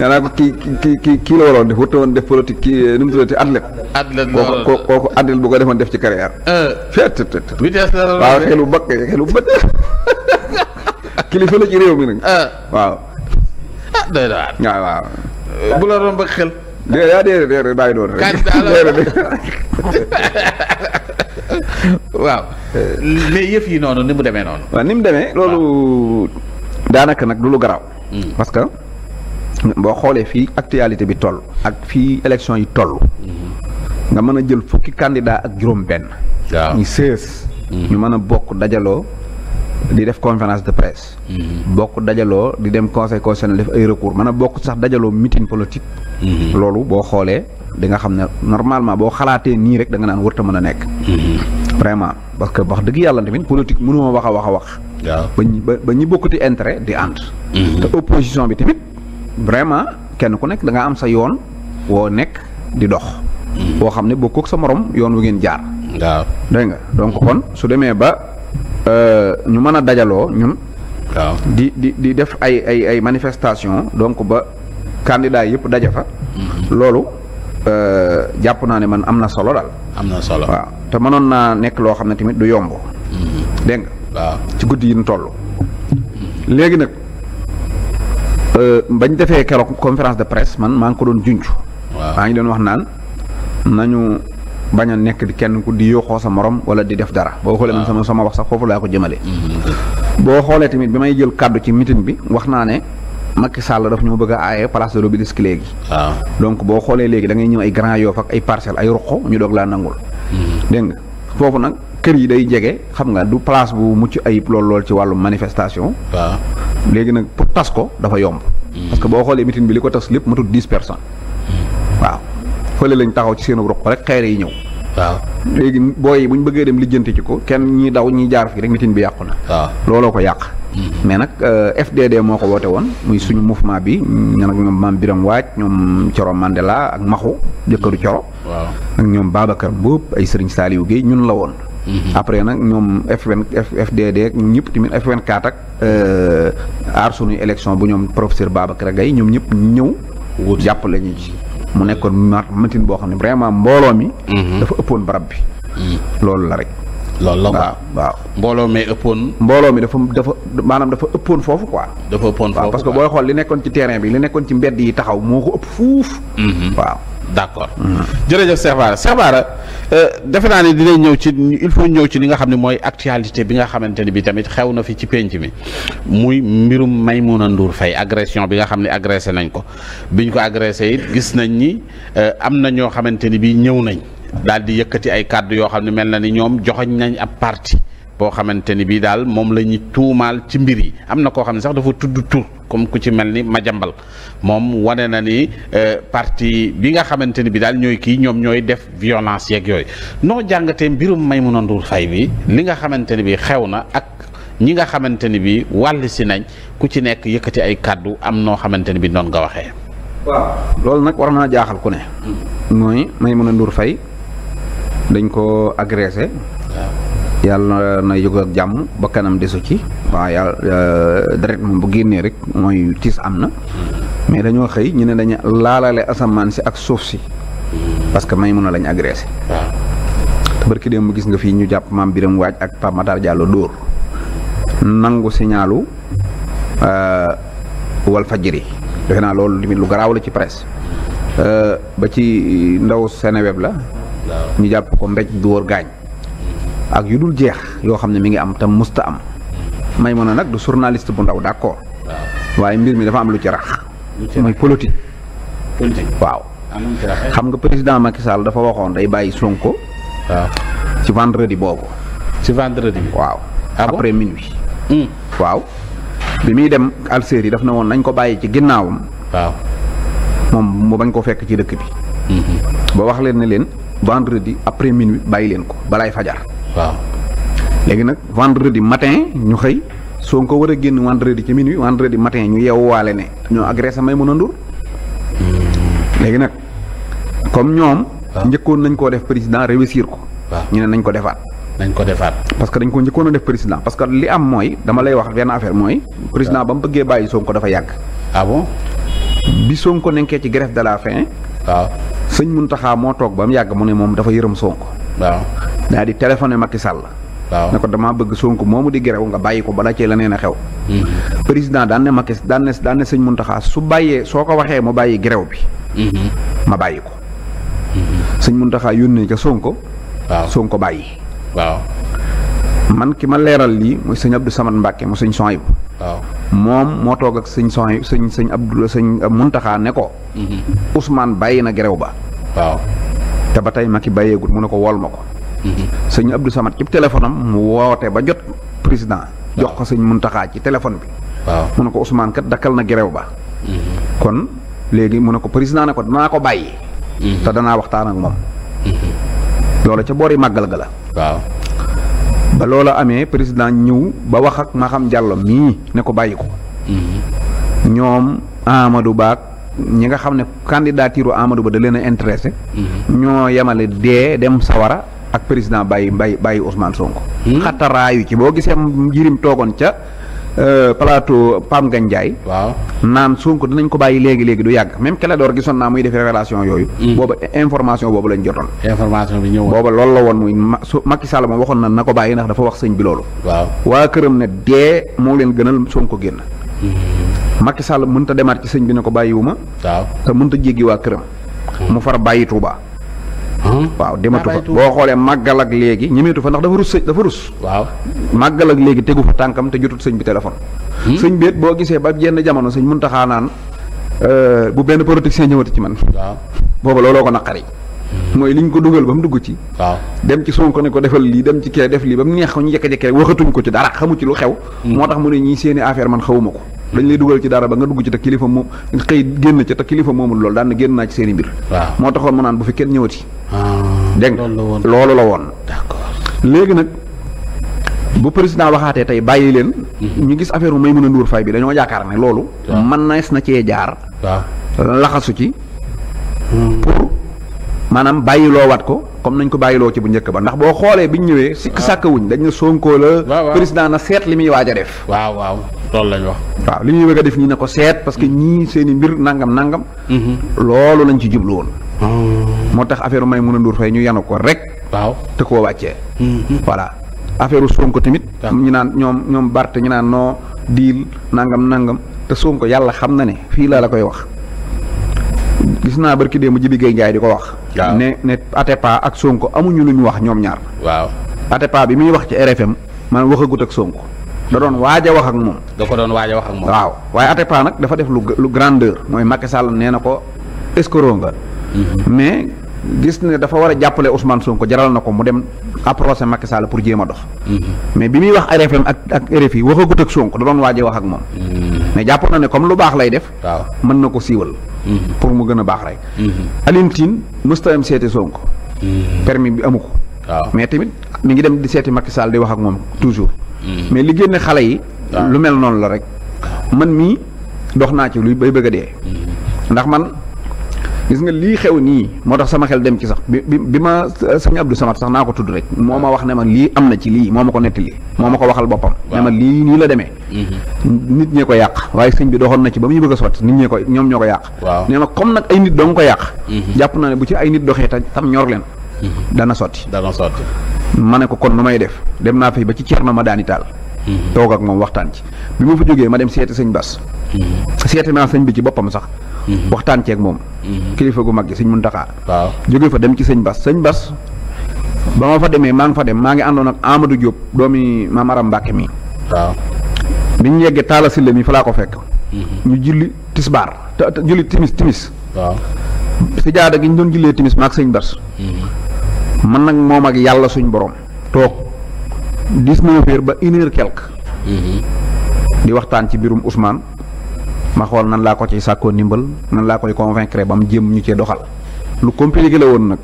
naa ko kii kii kii kii la waroon def wutoon def politique kii nu mu tuddati athlète. athlète la waroon kooku kooku athlète bu ko defoon def ci carrière. Ah. féet tët tët. vitesse la la waaw xelu bakk xelu bët kilifa la ci réew mi nag. Ah. waaw. ah day daal waaw waaw. bu la romb ak xel. déedéet déedéet bàyyi doon rek. déedéet déedéet. waaw euh, mais yëf yi noonu ni mu demee noonu. waaw ni mu demee loolu daanaka nag du lu garaaw. Hmm. parce que boo xoolee fii actualité bi toll ak fii élection yi toll. Hmm. nga mën a jël fukki candidat ak juróom-benn. waaw ñu hmm. ñu mën a bokk dajaloo. di def conférence de presse. bokk dajaloo di dem conseil constitutionnel def ay recours mën a bokk sax dajaloo meeting politique. loolu boo xoolee di nga xam ne normalement boo xalaatee nii rek da nga naan wërta mën a nekk. Mm-hmm. vraiment parce que wax dëgg yàlla tamit politique mënuma wax a wax a wax. waaw ba ñi ba ñi bokkati intérêt di ànd. Mm-hmm. te opposition bi tamit vraiment kenn ku nekk da am sa yoon woo nekk di dox. boo mm-hmm. xam ne bokkul sa moroom yoon wu ngeen jaar. waaw dégg nga donc kon su demee ba euh, ñu mën a dajaloo ñun. waaw di di di def ay ay ay manifestation donc ba candidat yëpp daje fa. loolu Euh, jàpp naa ne man am na solo daal. am na solo waaw te manoon naa nekk loo xam ne tamit du yomb. Mm-hmm. dégg nga. waaw ci guddi yi ñu toll. Mm-hmm. léegi nag euh, bañ defee keroog conférence de presse man maa ngi ko doon junj. waaw maa ngi doon wax naan nañu bañ nekk di kenn ku di yooxoo sa morom wala di def dara. boo xoolee man sama sama wax sax foofu laa ko jëmale. Mm-hmm. boo xoolee tamit bi may jël kàddu ci meeting bi wax naa ne. Macky Sall daf ñu bëgg a aaye place de l'Obélisque léegi. waaw ah. donc boo xoolee léegi da ngay ñëw ay Grand Yoff ak ay parcelles ay ruqo ñu doog laa nangul. Mm-hmm. dégg foofu nag kër yi day jege xam nga du place bu mucc ay lool lool ci wàllu manifestation. waaw ah. léegi nag pour tas ko dafa yomb. Mm-hmm. parce que boo xoolee meeting bi li ko tas lépp matul dix personnes. Mm-hmm. waaw fële lañ taxaw ci seen ruq rek xeer yi ñëw. waaw ah. léegi booy bu ñu bëggee dem lijjanti ci ko kenn ñi daw ñi jaar rek meeting bi yàqu na. looloo ko yàq. mais nag euh, FDD moo ko woote woon muy suñu mouvement bi ñu mm, nag ñoom maam Biram Waaj ñoom Coro Mandela ak Maxu jëkkëru Coro. waaw ak ñoom Babacar Mboup ay Serigne Saliou Guèye ñun la woon. Mm-hmm. après nag ñoom F20 FDD ak ñëpp tamit F24 ak euh, aar suñuy élection bu ñoom professeur Babacar Gaye ñoom ñëpp ñëw. wut jàppale ñu ci. mu nekkoon matin boo xam ne vraiment mbooloo mi. Mm-hmm. dafa ëppoon barab bi. Mm-hmm. loolu la rek. loolu la waaw waaw mbooloo mee ëppoon mbooloo mi dafa dafa maanaam dafa ëppoon foofu quoi dafa ëppoon foofu parce que booy xool li nekkoon ci terrain bi li nekkoon ci mbedd yi taxaw moo ko ëpp fuuf mhm. waaw d' accord mhm. jërëjëf Cheikh Bara Cheikh euh, defe naa ni dinañ ñëw ci il faut ñëw ci li nga xam ne mooy actualité bi nga xamante ne bi tamit xew na fi ci pénc mi muy mbirum may Maimouna Ndour Faye agression bi nga xam ne agressé nañ ko biñ ko agressé it gis nañ ni euh, am na ñoo xamante ni bi ñëw nañ daal di yëkkati ay kàddu yoo xam ne mel na ni ñoom joxoñ nañ ab parti boo xamante ni bii daal moom la ñu tuumaal ci mbir yi am na koo xam ne sax dafa tudd tur comme ku ci mel ni Madiambal moom wane na ni euh, parti bi nga xamante ni bii daal ñooy kii ñoom ñooy def violence yeeg yooyu noo jàngatee mbirum Maimouna Ndour Faye bi li nga xamante ni bii xew na ak ñi nga xamante ni bii wàll si nañ ku ci nekk yëkkati ay kàddu am noo xamante ni bii noonu nga waxee. loolu nag war naa jaaxal ku ne. Hmm. mooy Maimouna Ndour Faye dañ ko agressé yàlla na yóg ak jàmm ba kanam desu ci waaw yàlla euh, deret moom bu génnee rek mooy tiis am na hmm. mais dañoo xëy ñu ne dañ laalale asamaan si ak suuf si hmm. parce que may mun a lañ agressé te barki démb gis nga fii ñu jàpp maam biram waaj ak Pape Matar Diallo dóor nangu signalu euh, wal fajiri defe naa loolu limit lu garaaw la ci presse euh, ba ci ndaw Seneweb la ñu jàpp ko mbéj dóor gaañ ak yu dul jeex yoo xam ne mi ngi am tam musta am may mën a nag du journaliste bu ndaw accord waaye mbir mi dafa am lu ci rax mooy politique waaw eh? xam nga président Macky Sall dafa waxoon day bàyyi Sonko ci vendredi boobu ci vendredi bi waaw ah après minuit hmm. waaw bi muy dem yi daf na woon nañ ko bàyyi ci ginnaawam waaw moom mu bañ ko fekk ci dëkk bi hmm. ba wax leen ne leen vendredi après minuit bàyyi leen ko balaay fajar. waaw léegi nag vendredi matin ñu xëy soo war a génn vendredi ci minuit vendredi matin ñu yeewuwaale ne ñoo agressé Maimouna Ndour. Hmm. léegi nag comme ñoom. Ah. njëkkoon nañ koo def président réussir ko. Ah. ñu ne nañ ko defaat. nañ ko defaat. parce que dañ ko njëkkoon def président parce que li am mooy dama lay wax benn affaire mooy. président ah. ba mu bëggee bàyyi soo ko dafa yàgg. ah bon. bi Sonko ci grève de la faim. waaw sëñ Muntaxa moo toog ba mu yàgg mu ne moom dafa yërëm Sonko. waaw daal di téléphoné Macky Sall. ne ko damaa bëgg moo mu di gerew nga bàyyi ko bala cee la nee na xew. Mm-hmm. président daan ne Macky daan ne daan sëñ Muntaxa su bàyyee soo ko waxee mu bàyyi gerew bi. Mm-hmm. ma bàyyi ko. Mm-hmm. sëñ Muntaxa yónnee ca Sonko. waaw Sonko bàyyi. waaw man ki ma leeral lii mooy sëñ Abdou Samad Mbacke mu sëñ Sohaybu. waaw. moom moo toog ak sëñ son sëñ sëñ Abdou sëñ Muntaxa ne ko. Mhm. Ousmane bàyyi na gerew ba. waaw te ba tey Macky bàyyeegul mu ne ko wol ma ko. Mhm. sëñ Abdou Samad ci téléphone am mu woote ba jot président. jox ko sëñ Muntaxa ci téléphone bi. waaw mu ne ko Ousmane kat dakkal na gerew ba. Mhm. kon léegi mu ne ko président ne ko danaa ko bàyyi. te danaa waxtaan ak moom. loola ca boori màggal ga la. waaw. ba loola amee président ñëw ba wax ak Maham Diallo mii ne ko bàyyi ko. Mhm. ñoom Amadou Ba ñi nga xam ne candidature Amadou Ba da leen a intéressé. Mhm. ñoo yemale dee dem Sawara ak président bàyyi bàyyi bàyyi Ousmane Sonko. Mhm. xataraayu ci boo gisee njirim toogoon ca. Euh, plateau Pam Ngagne Ndiaye. waaw naan Sonko dinañ ko bàyyi léegi léegi du yàgg même Clédor gisoon naa muy def révélation yooyu. Mm. booba information boobu lañ jotoon. information bi ñëwoon booba loolu la woon muy ma su Macky Sall waxoon na na ko bàyyi ndax dafa wax sëñ bi loolu. waaw waa këram ne dee moo leen gënal Sonko génn. Mm. Macky Sall mënut a demaat ci sëñ bi na ko bàyyiwuma. waaw te mënut a jéggi waa këram. Mm. mu far bàyyi Touba. waaw dematu fa boo xoolee màggal ak léegi ñemeetu fa ndax dafa rus sëñ dafa rus waaw màggal ak léegi tegu fa tànkam te jotut sëñ bi téléphone sëñ bi boo gisee ba jenn jamono sëñ Muntaxa naan euh, bu benn politicien ñëwati ci man waaw booba looloo ko naqari mooy li ñu ko dugal ba mu dugg ci waaw dem ci Sonko ne ko defal lii dem ci kee neex ko ñu jekk ko ci dara xamu ci lu xew moo tax mu ne ñi seeni affaire man xawuma ko dañ lay dugal ci dara ba nga dugg ci te kilifa moom xëy génn ca te kilifa moomul lool daan na génn naa ci seen moo taxoon mu naan bu fi kenn ñëwati Ah. dégg nga loolu la woon léegi nag bu président waxaatee tey bàyyi leen mhm. ñu gis affaire bu may mën a nduur fay bi dañoo yaakaar ne loolu mën naes na cee jaar laxasu ci hmm. pour maanaam bàyyiloo waat ko comme nañ ko bàyyiloo ci bu njëkk ba ndax boo xoolee bi ñu ñëwee sikk sàkkawuñ dañ na sonkoo la président na seet li muy waaj a def waaw waaw loolu lañ wax waaw li muy bëgg a def ñi ne ko seet parce que hmm. ñii seen i mbir nangam nangam hmm. loolu lañ ci jublu woon moo tax affaire may mun a nduur fay ñu yanu ko rek. waaw te koo wàccee. Mm-hmm. voilà affaire sonk tamit. ñu naan ñoom ñoom Bart ñu naan noo diil nangam nangam te Sonko yàlla xam na ne fii laa la koy wax. gis naa barki mu Jibi Gueye Ndiaye di ko wax. ne ne Atepa ak Sonko amuñu lu ñu wax ñoom ñaar. waaw Atepa bi muy wax ci RFM man waxagut ak sonk da doon waaja a wax ak moom. da ko doon waaja a wax ak moom. waaw waaye Atepa nag dafa def lu lu grandeur mooy Macky Sall nee na ko escroc gis ne dafa war a jàppale Ousmane Sonko jaral na ko mu dem approché Macky Sall pour jéem a dox. Mhm. mais bi muy wax RFM ak ak yi waxagut ak Sonko da doon waajee wax ak moom. Mhm. mais jàpp na ne comme lu baax lay def. waaw mën na ko siiwal. Mhm. pour mu gën a baax rek. Alioune Tine mësta am seeti Sonko. permis bi amu ko. waaw mais tamit mu ngi dem di seeti Macky Sall di wax ak moom toujours. mais li génn xale yi. lu mel noonu la rek. man mii dox naa ci luy bay bëgg a dee. ndax man. gis nga lii xew nii moo tax sama xel dem ci sax bi bi ma euh, sëñ Abdou Samad sax naa ko tudd rek moo ma wax ne ma lii am na ci lii moom ma ko nettali moo ma waxal boppam ne ma lii nii la demee mm-hmm. nit ñee ko yàq waaye sëñ bi doxoon na ci ba muy bëgg a sotti nit ñee ko ñoom ñoo ko yàq nee na comme nag ay nit doo yàq mm-hmm. jàpp naa ne bu ci ay nit doxee tam ñor leen mm-hmm. dana sotti dana sotti ma ne ko kon nu may def dem naa fay ba ci Cerno ma daani taal toog ak moom waxtaan ci bi ma fa jógee ma dem seeti sëñ Bas seeti naa sëñ bi ci boppam sax waxtaan ceeg moom kilifa gu mag gi sëñ Muntaxa waaw jóge fa dem ci sëñ Bas sañ Bas ba ma fa demee maa ngi fa dem maa ngi àndoon ak Amadou Diop doomi maam Aram Mbàkke mi waaw bi ñu yeggee Talla Sylla fa laa ko fekk mhm. ñu julli tisbaar te julli timis timis waaw si jaada gi ñu doon jullee timis maag sañ Bas mhm. man nag moom ak yàlla suñ boroom toog dix ba une heure mhm. di waxtaan ci mbirum Ousmane ma xool nan laa ko ci sàkkoo ndimbal nan laa koy convaincre ba mu jéem ñu cee doxal lu compliqué la woon nag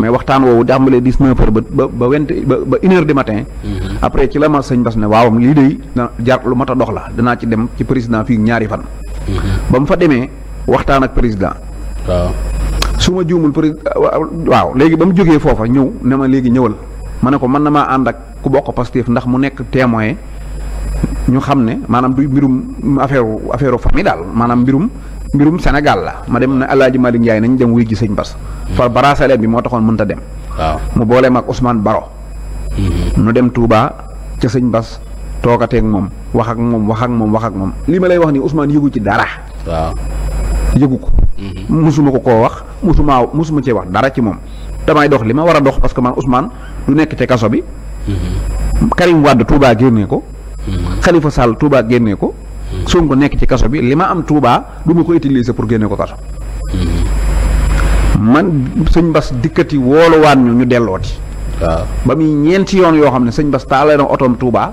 mais waxtaan woowu jàmbalee dix neuf heures ba ba vingt ba une heure du matin mm-hmm. après ci la ma sëñ Bass ne waaw lii de jar lu mat a dox la danaa ci dem ci président fii ñaari fan mm-hmm. ba mu fa demee waxtaan ak président waaw su ma juumul président waaw léegi ba mu jógee foofa ñëw ne ma léegi ñëwal ma ne ko mën na ma ànd ak ku bokk Pastef ndax mu nekk témoin ñu xam ne maanaam du mbirum affaire affaire famille daal maanaam mbirum mbirum Sénégal la ma dem na El Hadj Malick Ndiaye nañ dem sëñ Bas. Hmm. far barasaleem bi moo taxoon mënta dem. waaw mu booleem ak Ousmane Baro. Hmm. nu dem tuuba ca sëñ Bas toogateeg moom wax ak moom wax ak moom wax ak moom li ma lay wax ni Ousmane yëgu ci dara. waaw yëgu ko. Hmm. musuma ko koo wax musuma musuma cee wax dara ci moom damay dox li ma war a dox parce que man Ousmane du nekk ci kaso bi. Karim Wade Touba génne ko. Khalifa Sall Touba génnee ko. Sonko nekk ci kaso bi li ma am Touba du ma ko utiliser pour génne ko kaso. man sëñ Bas dikkati wooluwaan ñu ñu dellooti. waaw ba muy ñeenti yoon yoo xam ne sëñ Bas taalee na otoom Touba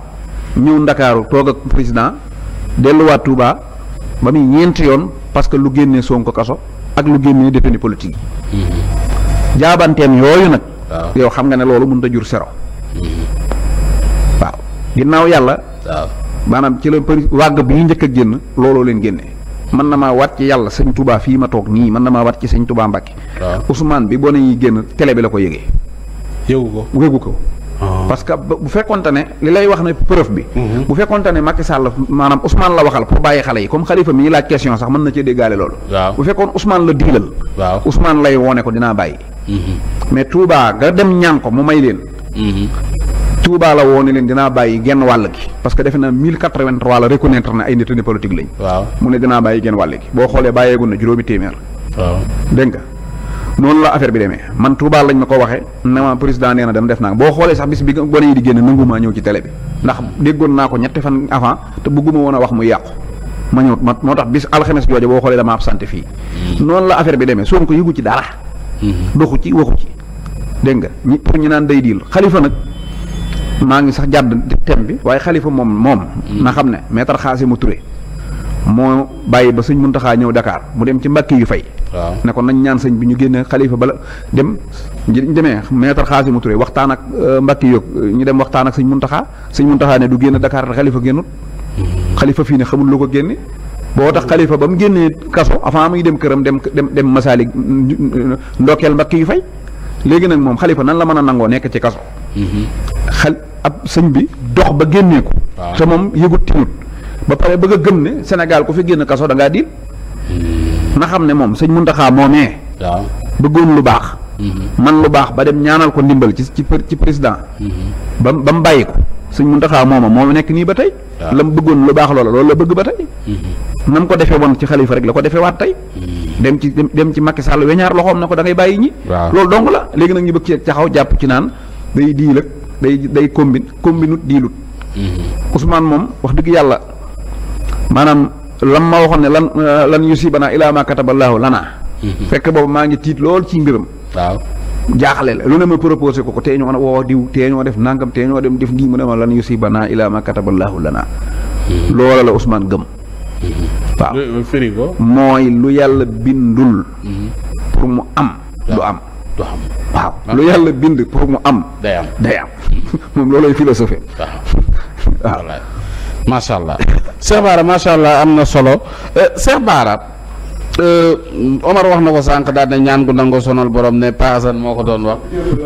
ñëw ndakaaru toog ak président delluwaat Touba ba muy ñeenti yoon parce que lu génnee Sonko kaso ak lu génnee détenu politique yi. jaabanteem yooyu nag. yow xam nga ne loolu mënut a jur sero. Mm-hmm. waaw ginnaaw yàlla. waaw maanaam ci la përi wàgg bi ñu njëkk a génn looloo leen génne mën na maa wat ci yàlla sañ tubaa fii ma toog nii mën na maa wat ci sañ tubaa Mbàkke Ousmane bi boo nañuy génn télé bi la ko yëgee yëgu ko yëgu ko ah. parce que bu fekkonte ne li lay wax ne preuve bi mhm. bu fekkonte ne Macky Sall maanaam Ousmane la waxal pour bàyyi xale yi comme xalifa mi ñu laaj question sax mën na cee déggaale loolu bu fekkoon Ousmane la diilal waaw Ousmane lay woone ko dinaa bàyyi mhm. mais Touba nga dem ñaan ko mu may leen mhm. Touba la woo ne leen dinaa bàyyi genn wàll gi parce que defe naa mille quatre vingt trois la reconnaître na ay nit ni politique lañ. waaw mu ne dinaa bàyyi genn wàll gi boo xoolee bàyyeegun na juróomi téeméer. waaw noonu la affaire bi demee man Touba lañ ma ko waxee ne ma président nee na dana def naa boo xoolee sax bis bi gone yi di génn nangumaa ñëw ci télé bi ndax déggoon naa ko ñetti fan avant te bëgguma woon a wax mu yàqu ma ñëw ma moo tax bis alxames jooju boo xoolee dama absenté fii. Hmm. noonu la affaire bi demee soo ko yëgu ci dara. Hmm. doxu ci waxu ci dégg nga ñi pour ñu naan day diil xalifa nag maa ngi sax jàdd thème bi waaye xalifa moom moom na xam ne maître Khassimou Touré moo bàyyi ba sëñ taxaa ñëw dakaar mu dem ci mbàkki yu fay ne ko nañ ñaan sëñ bi ñu génne xalifa bala dem ñu demee maître Khassimou Touré waxtaan ak euh, mbàkki yu ñu dem waxtaan ak sëñ Muntaxa sëñ Muntaxa ne du génn dakaar te xalifa génnut mm-hmm. xalifa fii ne xamul lu ko génne boo tax xalifa ba mu génnee kaso avant muy dem këram dem dem dem masaalik ndokkeel mbàkki yu fay léegi nag moom xalifa nan la mën a nangoo nekk ci kaso mm-hmm. ab sëñ bi dox ba génnee ko te moom yëgut tinut ba pare bëgg a gëm ne Sénégal ku fi génn kaso da ngaa diil hmm. na xam ne moom sëñ Muntaxa moomee bëggoon lu baax hmm. man lu baax ba dem ñaanal ko ndimbal ci ci ci président ba ba mu bàyyi ko sëñ Muntaxa mooma moo nekk nii ba tey la mu bëggoon lu baax loola loolu la bëgg ba tey hmm. na mu ko defee woon ci xalifa rek la ko defee waat tey dem ci dem ci Macky Sall weñaar loxoom na ko da ngay bàyyi ñi loolu dong la léegi nag ñu bëgg ci taxaw jàpp ci naan day diil ak day day combine combinut diilut mm-hmm. Ousmane moom wax dëgg yàlla maanaam lan ma waxoon ne lan euh, lan yusibana ilaa ma kataballaahu lanaa mm-hmm. fekk boobu maa ngi tiit lool ci mbiram waaw jaaxle la lu ne ma proposé ko ko tee ñoo woo oh, diw tee ñoo def nangam tee ñoo dem def ngi mu ne ma lan yusibana ilaa ma kataballaahu lanaa mm-hmm. loola la Ousmane gëm waaw firi ko mooy lu yàlla bindul pour mu am du am waaw ah. lu yàlla bind pour mu am. day am day am moom loolay philosophie. Ah. waaw waaw. macha allah Cheikh Bara macha allah am na solo eh, Cheikh Bara eh, Omar wax na ko sànq daal ne ñaan gu nangoo sonal borom ne paasan moo ko doon wax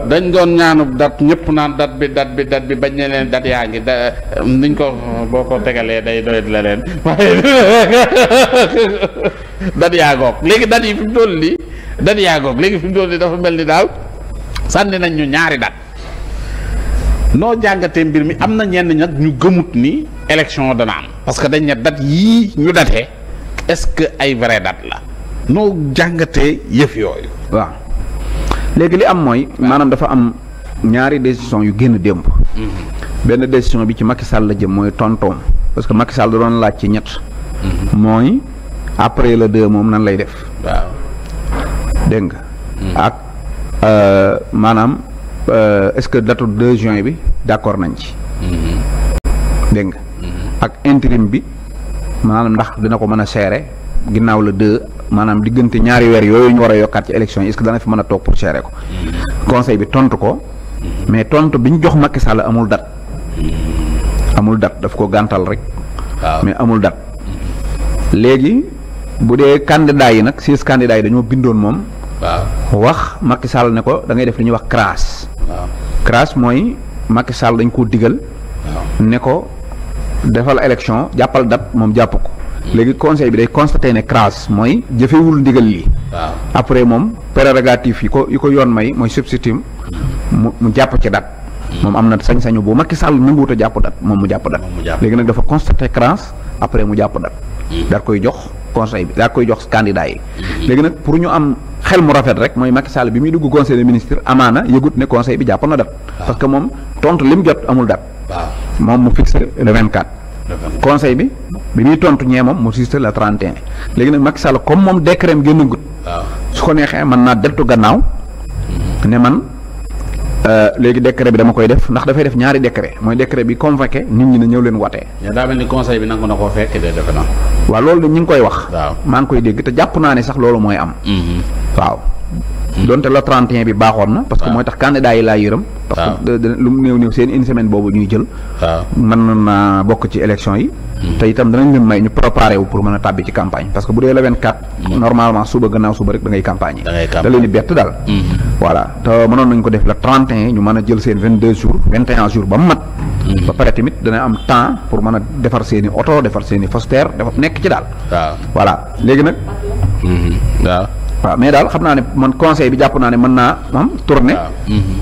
dañ doon ñaanu dat ñëpp naan dat bi dat bi dat bi bañ ne leen dat yaa ngi da niñ ko boo ko tegalee day doyat la leen waaye dat yaa ngoog léegi dat yi fi mu doon dat yaa ngoog léegi fi mu doon dafa mel ni daal. sànni nañu ñaari dat noo jàngatee mbir mi am na ñenn nag ñu gëmut ni élection dana am parce que dañ ne dat yii ñu datee est-ce que ay vrai dat la noo jàngatee yëf yooyu. waaw léegi li am mooy. maanaam dafa am ñaari décision yu génn démb. Mm-hmm. benn décision bi ci Macky la jëm mooy tontoom parce que Macky Sall laaj ci ñett. Mm-hmm. mooy après la deux moom nan lay def. waaw nga mm-hmm. Euh, maanaam euh, est-ce que date 2 juin bi d'accord nañ ci. Mm-hmm. dégg nga mm-hmm. ak intérim bi maanaam ndax dina ko mën a seere ginnaaw la deux maanaam diggante ñaari weer yooyu ñu war a yokkaat ci élection yi est-ce que dana fi mën a toog pour seere ko. Mm-hmm. conseil bi tontu ko. mais tontu bi ñu jox Macky Sall amul date. amul date daf ko gàntal rek. mais amul date. léegi bu dee candidat yi nag six candidats yi dañoo bindoon moom. waaw wax Macky Sall ne ko da ngay def li ñuy wax crasse. waaw mooy Macky Sall dañ koo digal. ne ko defal élection jàppal date moom jàpp ko. léegi conseil bi day constaté ne crasse mooy jëfewul ndigal lii. waaw après moom prérogative yi ko yi ko yoon may mooy substitut mu mu jàpp ci dat moom am na sañ-sañu bu makki Sall nanguwut a jàpp dat moom mu jàpp dat léegi nag dafa constaté crasse après mu jàpp dat hmm. daal koy jox conseil bi daal koy jox candidat yi hmm. léegi nag pour ñu am xel mu rafet rek mooy Macky Sall bi muy dugg conseil des ministres amaana yëgut ne conseil bi jàppoon na date. que moom tontu li mu jot amul date. moom mu fixe le 24. conseil bi bi muy tontu ñee moom mu fixe le 31. léegi nag Macky Sall comme moom décret am génnagut. su ko neexee man naa deltu gannaaw. Mm-hmm. ne man. Euh, léegi décret bi dama koy def ndax dafay def ñaari décret mooy décret bi convoqué nit ñi ne ñëw leen watee. daa mel ni conseil bi nangu na koo fekk de defe naa. waaw loolu de ñu ngi koy wax. maa ngi koy dégg te jàpp naa ne sax loolu mooy am. Mhm. waaw. donte la 31 bi baaxoon na. parce que mooy tax candidat yi laa yërëm. parce que lu mu néew néew seen une semaine boobu ñuy jël. waaw mën na bokk ci élection yi. Hmm. te itam danañ leen may ñu préparé wu pour mën a tàbbi ci campagne parce que bu dee la 24. Hmm. normalement suba gannaaw suba rek da ngay campagne. da ngay campagne da leen di bett daal. Hmm. voilà te mënoon nañ ko def la 31 ñu mën a jël seen 22 jours 21 jours ba mu mat. ba tamit dana am temps pour mën a defar seen oto defar seen i dafa nekk ci daal. voilà léegi nag. pas mais daal xam naa ne man conseil bi jàpp naa ne mën naa am tourner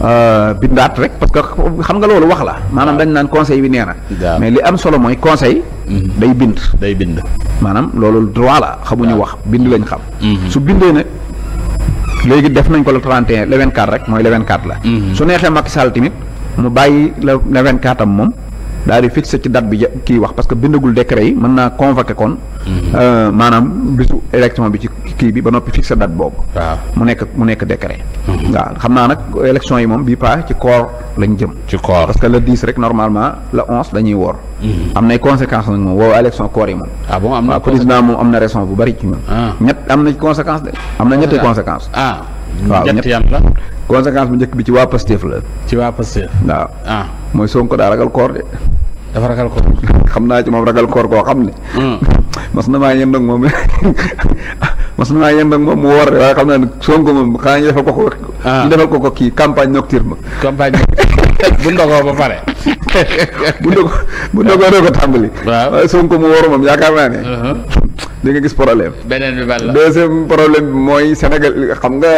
euh, bindaat rek parce que xam nga loolu wax la maanaam dañ naan conseil bi nee na mais li am solo mooy conseil mm-hmm. day bind day bind maanaam loolu droit la xamuñu wax bind lañ xam mm-hmm. su bindee nag léegi def nañ ko la 31 le 24 rek mooy le 24 la mm-hmm. su neexee Macky Sall tamit mu bàyyi le 24 am moom daal di fixé ci date bi kiy wax parce que bindagul décret yi mën naa convoqué kon. Mhm. Euh, maanaam bisu élection bi ci kii bi ba noppi fixé date boobu. waaw mu nekk mu nekk décret. Mhm. waaw xam naa nag élection yi moom bii paa ci koor lañ jëm. ci koor parce que le 10 rek normalement le 11 dañuy woor. Mhm. am na conséquences nag moom woo élection koor yi moom. ah am na président moom am na raison bu bari ci ñun. Ah. ñett am na conséquence de. am na ñetti ah. conséquence ah. waaw ñett yan la. conséquence bu njëkk bi ci waa Pastef la. ci waa Pastef waaw ah. mooy Sonko daa ragal koor de. dafa ragal koor. xam naa ci moom ragal koor koo xam ne. Mm. mas na maa yënd ak moom mas na maa yënd ak moom mu woor de waaye xam naa ne Sonko ko ko. Ah. ñu defal ko ko kii campagne nocturne. campagne bu ndogoo ba pare. bu ndogoo bu ndogoo doo ko tàmbali. waaw waaye Sonko mu woor moom yaakaar naa ne. Uh-huh. di nga gis problème. beneen bi ban la deuxième problème bi mooy Sénégal xam nga.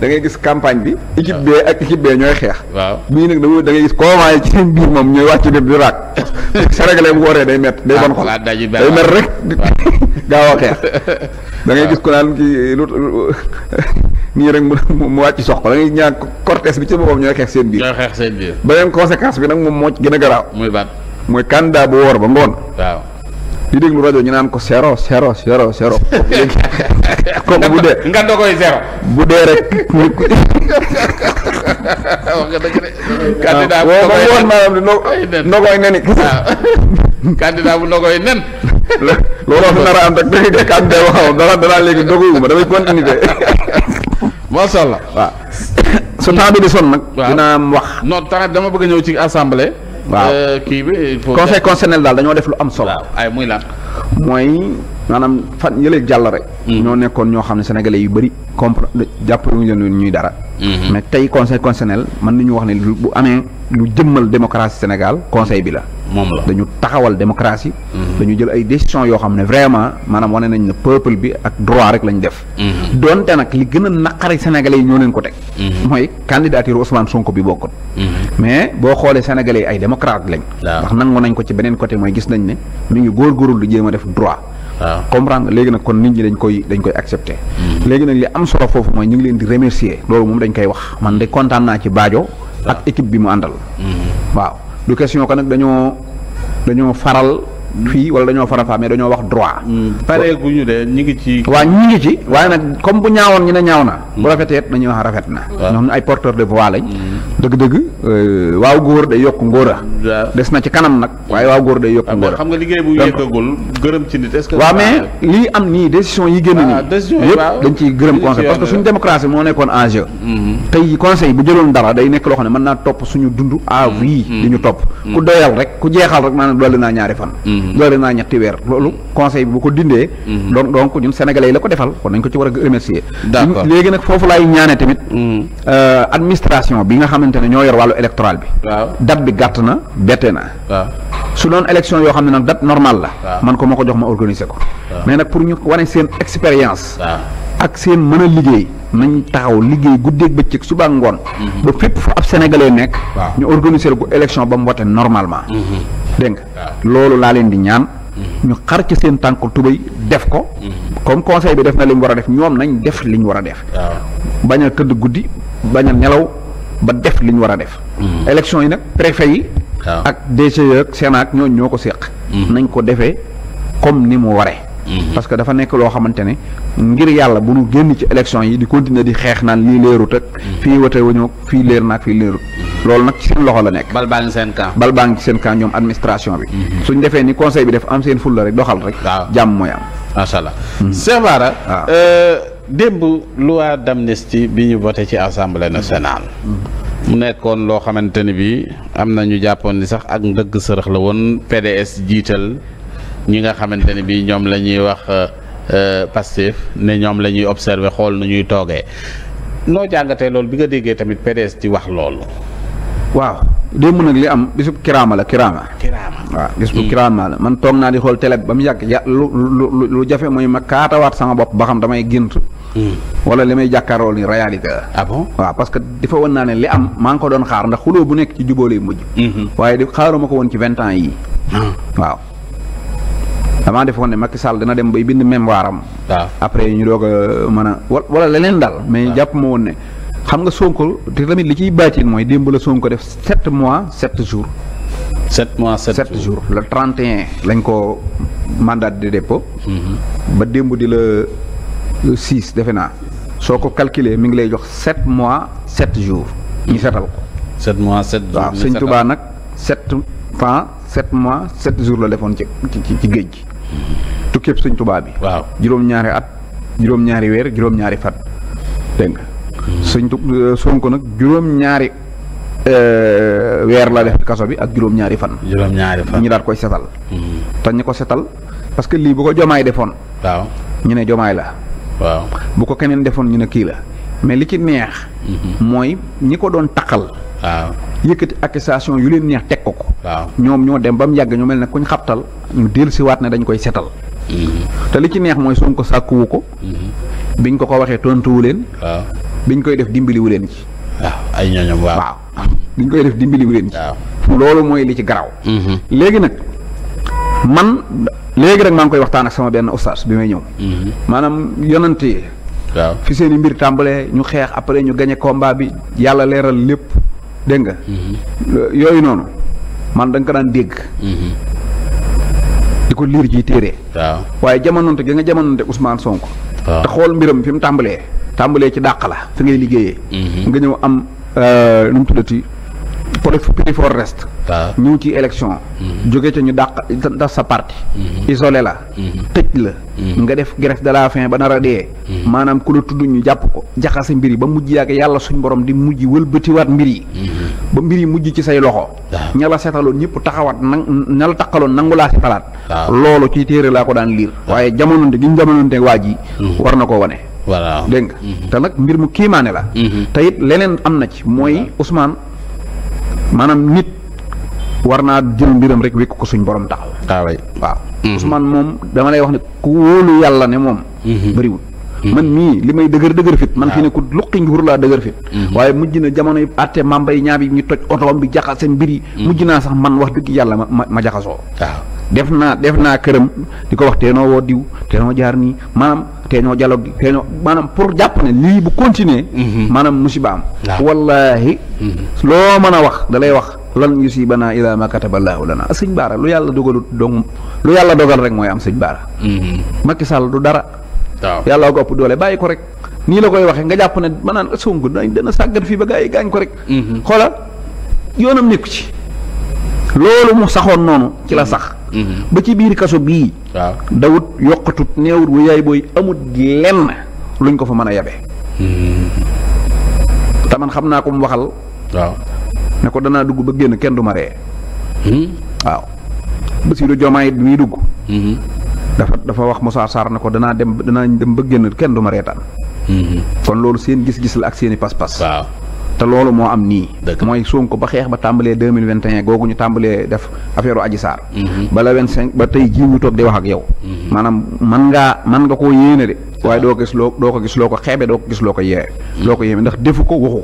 da ngay gis campagne bi. Ah. équipe B ak équipe B ñooy xeex. waaw bii nag da da ngay gis comment ci seen biir moom ñooy wàcc dem di raak. Sénégalais bu wooree day métti day bon xol ah, day métti rek gaaw a xeex da ngay gis ku naan lu nii rek mu wàcc sox da ngay ñaan cortège bi ci boppam ñooy xeex seen biir. ñooy xeex seen beneen conséquence bi nag moom moo ci gën a garaaw. muy ban mooy candidat bu woor ba ngoon. waaw. di déglu rajo ñu naan ko zéro zéro zéro zéro. kooku bu dee nga dogoy zéro. bu dee rek. wax nga dëgg de. candidat bu nogoy nen maanaam di nogoy nen it. waaw bu nogoy nen. loolu wax nar a am rek dégg nga candidat waxoon danaa léegi dogoyuma damay continuer. macha allah. waaw su temps bi di sonn nag. dina am wax. non temps dama bëgg a ñëw ci assemblée. waaw eh, kii bi conseil constitutionnel daal dañoo def lu am solo. ay muy mooy. maanaam fan yële jàll rek. Mm-hmm. ñoo nekkoon ñoo xam ne sénégalais yu bëri comprendre jàpp ñu leen ñuy dara. Mm-hmm. mais tey conseil constitutionnel mën nañu wax ne bu amee lu jëmmal démocratie Sénégal conseil bi la. moom la dañu taxawal démocratie. Mm-hmm. dañu jël ay décision yoo xam ne vraiment maanaam wane nañ ne peuple bi ak droit rek lañ def. donte nag li gën a naqari sénégalais yi ñoo leen ko teg. mooy candidature Ousmane Sonko bi bokkut. mais boo xoolee sénégalais yi ay démocrate lañ. ndax nangu nañ ko ci beneen côté mooy gis nañ ne mi ngi góorgóorlu di jéem a def droit. waaw comprendre léegi nag kon nit ñi dañ koy dañ koy accepté. Hmm. léegi nag li am solo foofu mooy ñu ngi leen di remercier loolu moom dañ koy wax man de kontaan naa ci Baajo. ak équipe bi mu àndal. Hmm. waaw du question ko nag dañoo dañoo faral. fii wala dañoo farafa mais dañoo wax droit. Hmm. ñu ñu ngi ci. waaw ñu ngi ci waaye nag comme bu ñaawoon ñu ne ñaaw na. bu hmm. rafetee dañuy wax rafet na. ay porteurs de voix lañ. Hmm. dëgg-dëgg euh, waaw góor day yokk ngóora. des na ci kanam nag waaye waaw góor day yokk ah, ngóora. xam nga liggéey bu yëkkagul gërëm ci nit est-ce mais lii am nii décision yi génn nii. Ah, décision dañ ciy gërëm conseil parce que suñu démocratie moo nekkoon enjeu. tey conseil bu jëloon dara day nekk loo xam ne mën naa topp suñu dund à vie di ñu topp ku doyal rek ku jeexal rek maanaam dolli naa ñaari fan Mm-hmm. loolu naa ñetti weer loolu conseil bi bu ko dindee mm-hmm. donc donc ñun sénégalais yi la ko defal kon nañ ko ci war a remercier léegi nag foofu laay ñaane tamit mm-hmm. euh, administration bi nga xamante ne ñoo yor wàllu électoral bi waaw bi gàtt na bette na su doon élection yoo xam ne nag date normale la man ko ma ko jox ma organiser ko mais nag pour ñu wane seen expérience ak seen mën a liggéey nañ taxaw liggéey guddeeg bëccëg suba ngoon. Mhm. ba fépp fu ab sénégalais nekk. ñu organiser ko élection ba mu wote normalement. Mhm. dégg nga loolu laa leen di ñaan. Mhm. ñu xar ci seen tànk tubéy def ko. comme conseil bi def na li mu war a def ñoom nañ def li ñu war a def. bañ a tëdd guddi bañ a nelaw ba def li ñu war a def. élection yi nag préfet yi. ak DG e ak Sénat ñooñ ñoo ko séq. nañ ko defee comme ni mu waree. Mhm. parce que dafa nekk loo xamante ne ngir yàlla bu nu génn ci élection yi di continuer di xeex naan lii leerut ak mhm. fii wote wuñu fii leer na ak fii leerut mhm. loolu nag ci seen loxo la nekk. bal baa ngi seen camp bal baa seen camp ñoom administration bi. suñ defee ni conseil bi def am seen fulla rek doxal rek. jàmm mooy am. macha allah. Cheikh Bara. Euh, démb loi d'amnistie bi ñu voté ci assemblée national mu nekkoon loo xamante ni bi am na ñu jàppoon ni sax ak ndëgg sërëx la woon PDS jiital. ñi nga xamante ne bii ñoom la ñuy wax euh, euh, Pastef ne ñoom la ñuy observer xool nu ñuy toogee noo jàngatee loolu bi nga déggee tamit PDS di wax loolu. waaw démb nag li am bisub kiraama la kiraama. kiraama waaw bisub mm. kiraama la man toog naa di xool télé ba mu yàgg ja lu lu lu jafe mooy ma kaatawaat sama bopp ba xam damay gént. Mm. wala li may jàkkaaroo ni réalité la. ah bon parce que dafa woon naa ne li am maa ngi ko doon xaar ndax xuloo bu nekk ci jubóo lay mujj. Mm-hmm. waaye di xaaruma ko woon ci vingt ans yii. Ah. waaw. damaa defoon ne Macky Sall dana dem bay bind mémoire am. après ñu doog a man a wala leneen daal. mais jàpp ma woon ne. xam nga Sonko te tamit li ciy baatin mooy démb la Sonko def sept mois sept jours. sept mois sept jours le 31 lañ ko mandat de dépôt. Mhm. ba démb di la six defe naa. soo ko calculer mi ngi lay jox sept mois sept jours. ñu mhm. setal ko. sept mois sept jours waaw sëñ nag sept temps sept mois sept jours la defoon ci ci ci géej gi. tukkeeb suñ tubaa bi. waaw juróom-ñaari at juróom-ñaari weer juróom-ñaari fat dégg nga sëñ tu euh, Sonko nag juróom-ñaari euh, weer la def ci kaso bi ak juróom-ñaari fan. juróom-ñaari fan daal koy setal. Mm-hmm. te ñu ko setal parce que lii bu ko jomaay defoon. waaw ñu ne jomaay la. waaw bu ko keneen defoon ñu ne kii la mais li ci neex. Mm-hmm. mooy ñi ko doon taqal. waaw yëkkati accusation yu leen neex teg ko ko. waaw ñoom ñoo dem ba mu yàgg ñu mel ne kuñ xabtal ñu dellusiwaat ne dañ koy setal. Mm-hmm. te li ci neex mooy Sonko sàkkuwu ko. Mm-hmm. biñ ko ko waxee tontuwu leen. waaw biñ koy def dimbaliwu leen ci. ay ñooñam waaw koy def dimbaliwu leen ci. loolu mooy li ci garaaw. Mm-hmm. léegi nag man léegi rek maa ngi koy waxtaan ak sama benn oustaz bi may ñëw. maanaam yonante. waaw fi seen i mbir tàmbalee ñu xeex après ñu gañe combat bi yàlla leeral lépp. dégg nga. yooyu noonu man da ko daan dégg. di ko liir ji téere. waaw waaye jamononte gi nga jamononte Ousmane Sonko. te xool mbiram fi mu tàmbalee. tàmbalee ci dàq la fi ngay liggéeyee. Mhm. nga ñëw am euh, nu mu tuddati. petit fort reste. ñëw ci élection. Mm-hmm. jóge ca ñu dàq tas sa parti. Mm-hmm. isolé la. Mm-hmm. tëj la. nga def greffe de la fin ba nar a dee. maanaam ku la tudd ñu jàpp ko jaxase mbir yi ba mujj yàgg yàlla suñ borom di mujj wëlbatiwaat mbir yi. ba mbir yi mujj ci say loxo. ña la seetaloon ñëpp taxawaat nang ña la nangu laa seetalaat. loolu ci téere laa ko daan liir. waaye jamononte gi ñu jamononte waa ji. war na ko wane. voilà dégg nga. te nag mbir mu kiimaane la. te leneen am na ci mooy Ousmane. maanaam nit war naa jël mbiram rek wekk ko suñ borom taxaw. Ah, waaw waaw. Mm-hmm. Ousmane moom dama lay wax ne ku wóolu yàlla ne moom. Mm-hmm. bëriwul. Mm-hmm. man mii li may dëgër dëgër fit man fii ne ah. ku luqi nguur laa dëgër fit waaye mujj na jamono yi àtte mambay ñaab yi ñu toj otoom bi jaxas seen mbir yi mujj naa sax man wax dëgg yàlla ma ma jaxasoo ah. def naa def naa këram di ko wax noo woo diw teenoo jaar nii maanaam teeñoo dialogue teeñoo maanaam pour jàpp ne lii bu continuer mhm. maanaam musiba am wallahi mhm. loo mën a wax da lay wax lan yusibanaa ilaa ma kataballaahu lana sëñ baara lu yàlla dogalut dong lu yàlla dogal rek mooy am sëñ baara mhm. Macky Sall du dara waaw yàlla ko ëpp doole bàyyi ko rek nii la koy waxee nga jàpp ne maanaam Sonko dañ dana sàggan fii ba gaa yi gaañ ko rek xoola yoonam nekku ci loolu mu saxoon noonu ci la mhm. sax. Mhm. ba ci biir kaso bii. waaw dawut yokkatut néewut wu yaay booy amut gi lenn luñ ko fa mën a yabe. Mhm. te man xam naa ko mu waxal. waaw ne ko danaa dugg ba génn kenn du ma ree. Hmm? waaw Bassirou Diomaye bi muy dugg. dafa dafa wax mu Moussa Sarr ne ko danaa dem danaa dem ba génn kenn du ma reetaan. kon loolu seen gis-gis la ak seeni i pas-pas. te loolu moo am nii mooy Sonko ba xeex ba tàmbalee deux mille vingt et googu ñu tàmbalee def affaire Adji Sarr mhm. ba la vingt cinq ba tey jii ñu toog di wax ak yow mhm. maanaam man ngaa man nga koo yéene de waaye doo ko gis loo doo ko gis loo ko xeebe doo ko gis loo ko yee loo mhm. ko yéeme ndax defu ko waxu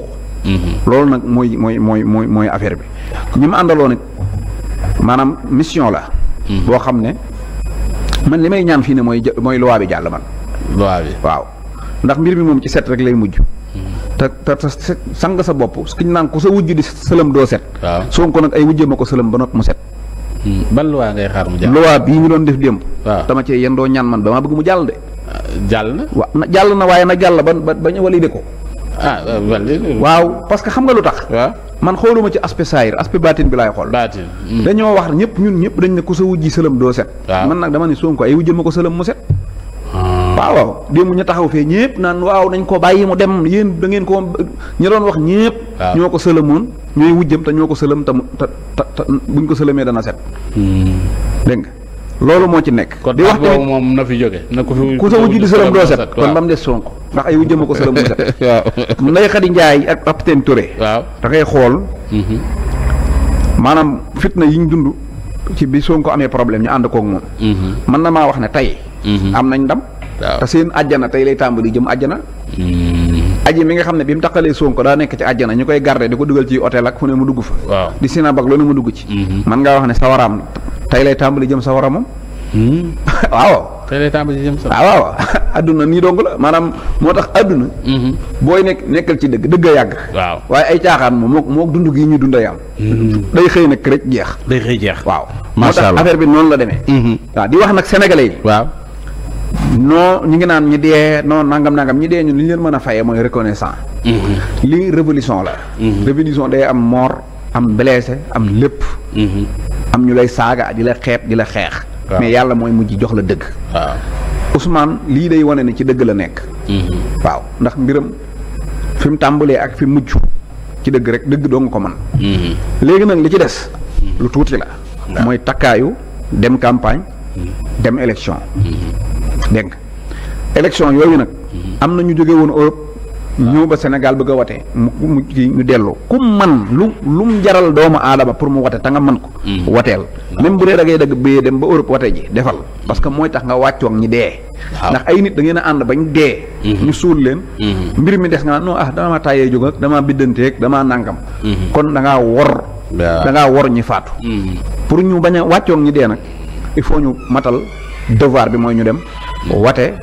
ko loolu nag mooy mooy mooy mooy mooy affaire bi ñi ma àndaloon it maanaam mission la boo xam ne man li may ñaan fii ne mooy mooy loi bi jàll man waaw ndax mbir mi moom ci set rek lay mujj te te sang sa bopp suñ naan ko sa wujj di sëlëm doo set. waaw Sonko nag ay wujje ma ko sëlëm ba noppi mu set. Hmm. ban luwaa ngay xaar mu jàll. luwaa bii ñu doon def démb. waaw dama cee yendoo ñan man damaa bëgg mu jàll de. Ah, jàll na. wa na jàll na waaye na jàll ba ba ba ñu validé ko. ah, ah waaw parce que xam nga lu tax. waaw man xooluma ci aspect saayir aspect baatin bi laay xool. baatin. Hmm. dañoo wax ñëpp ñun ñëpp dañ ne ku sa wujji sëlëm doo set. man nag dama ne Sonko ay wujje ma ko sëlëm mu set. waaw waaw démb ñu taxaw fee ñëpp naan waaw nañ ko bàyyi mu dem yéen da ngeen ko ñu doon wax ñëpp. ñoo ko sëlëmoon ñooy wujjam te ñoo ko sëlëm te mu te buñ ko sëlëmee dana set. Hmm. dégg nga loolu moo ci nekk. di wax tamit moom na fi jóge na ko ku sa wujj di sëlëm doo set kon ba mu des Sonko ndax ay wujjam a ko sëlëm mu set. waaw Ndeye Khady Ndiaye ak Capitaine Touré. waaw da xool. Mm-hmm. maanaam fitna yi ñu dund ci bi Sonko amee problème ñu ànd koog moom. mën mm-hmm. na maa wax ne tey. Mm-hmm. am nañ ndam. waaw te seen àjjana tey lay tàmbali jëm àjjana. Hmm. aji mi nga xam ne bi mu taqalee Sonko daa nekk ci àjjana ñu koy garder di ko dugal ci hôtel ak fu ne mu dugg fa. waaw di sinab ak loolu mu dugg ci. Hmm. man ngaa wax ne sawaraam tey lay tàmbali jëm sawara moom. Hmm. waaw. tey lay tàmbali jëm sawara waaw waaw adduna nii dong la maanaam moo tax adduna. booy nekk nekkal ci dëgg dëgg yàgg. waaw waaye ay caaxaan moom moo moo dund gi ñu dunda yam day xëy nag rek jeex. day xëy jeex waaw. macha allah bi noonu la demee. waaw di wax nag sénégalais yi. non ñu ngi naan ñi dee non nangam nangam ñi dee ñun li ñu leen mën a fayee mooy reconnaissant. Mm-hmm. li révolution la. Mm-hmm. révolution day am mort am blessé am lépp. Mm-hmm. am ñu lay saaga di la xeet di la xeex. mais yàlla mooy mujj jox la dëgg. waaw lii day wane ne ci dëgg la nekk. waaw ndax mbiram fi mu tàmbalee ak fi mujj ci dëgg rek dëgg doo nga ko mën. léegi nag li ci des. lu tuuti la. mooy takkaayu dem campagne. dem élection. dégg nga élection yooyu nag am na ñu jóge woon Europe ñëw ba Sénégal bëgg a watee mu kii ñu delloo ku man lu lu mu jaral doomu aadama pour mu wate te nga man ko mm-hmm. wateel même bu dee da ngay dëgg béyee dem ba Europe wate ji defal parce que mooy tax nga wàccoog ñi dee ndax ay nit dangeen ngeen a ànd bañ dee mm-hmm. ñu suul leen mm-hmm. mbir mi des nga non ah damaa tàyyee jóg ak damaa biddanteeg damaa nàngam kon da ngaa wor da ngaa wor ñi faatu pour ñu bañ a wàccoog ñi dee nag il faut ñu matal devoir bi mooy ñu dem wate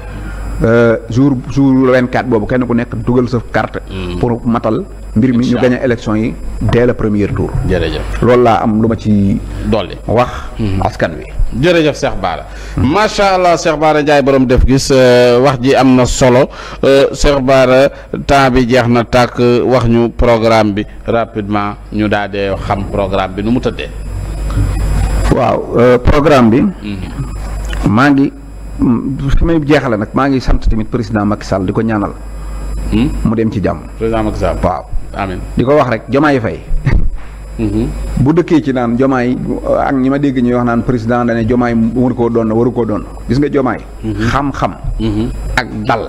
euh, jour jour 24 boobu kenn ku nekk dugal sa carte. Mm. pour matal mbir mi ñu gagné élection yi dès le premier tour. jërëjëf loolu laa am lu ma ci. dolli wax. Mm-hmm. askan wi. jërëjëf Cheikh Bara. Mm-hmm. macha allah Cheikh Bara Ndiaye borom def gis euh, wax ji am na solo euh, Cheikh Bara temps bi jeex na tàkk wax ñu programme bi rapidement ñu daal di xam programme bi nu mu tëddee. waaw programme bi. Mm-hmm. maa ngi. Mm, fi may jeexale nag maa ngi sant tamit président Macky Sall di ko ñaanal. Hmm? mu dem ci jàmm. président Macky Sall waaw. amiin di ko wax rek Jomaay fay mm-hmm. bu dëkkee ci naan Jomaay ak ñi ma dégg ñuy wax naan président da ne Jomaay waru koo doon waru koo doon gis nga Jomaay. Mm-hmm. xam-xam. Mm-hmm. ak dal.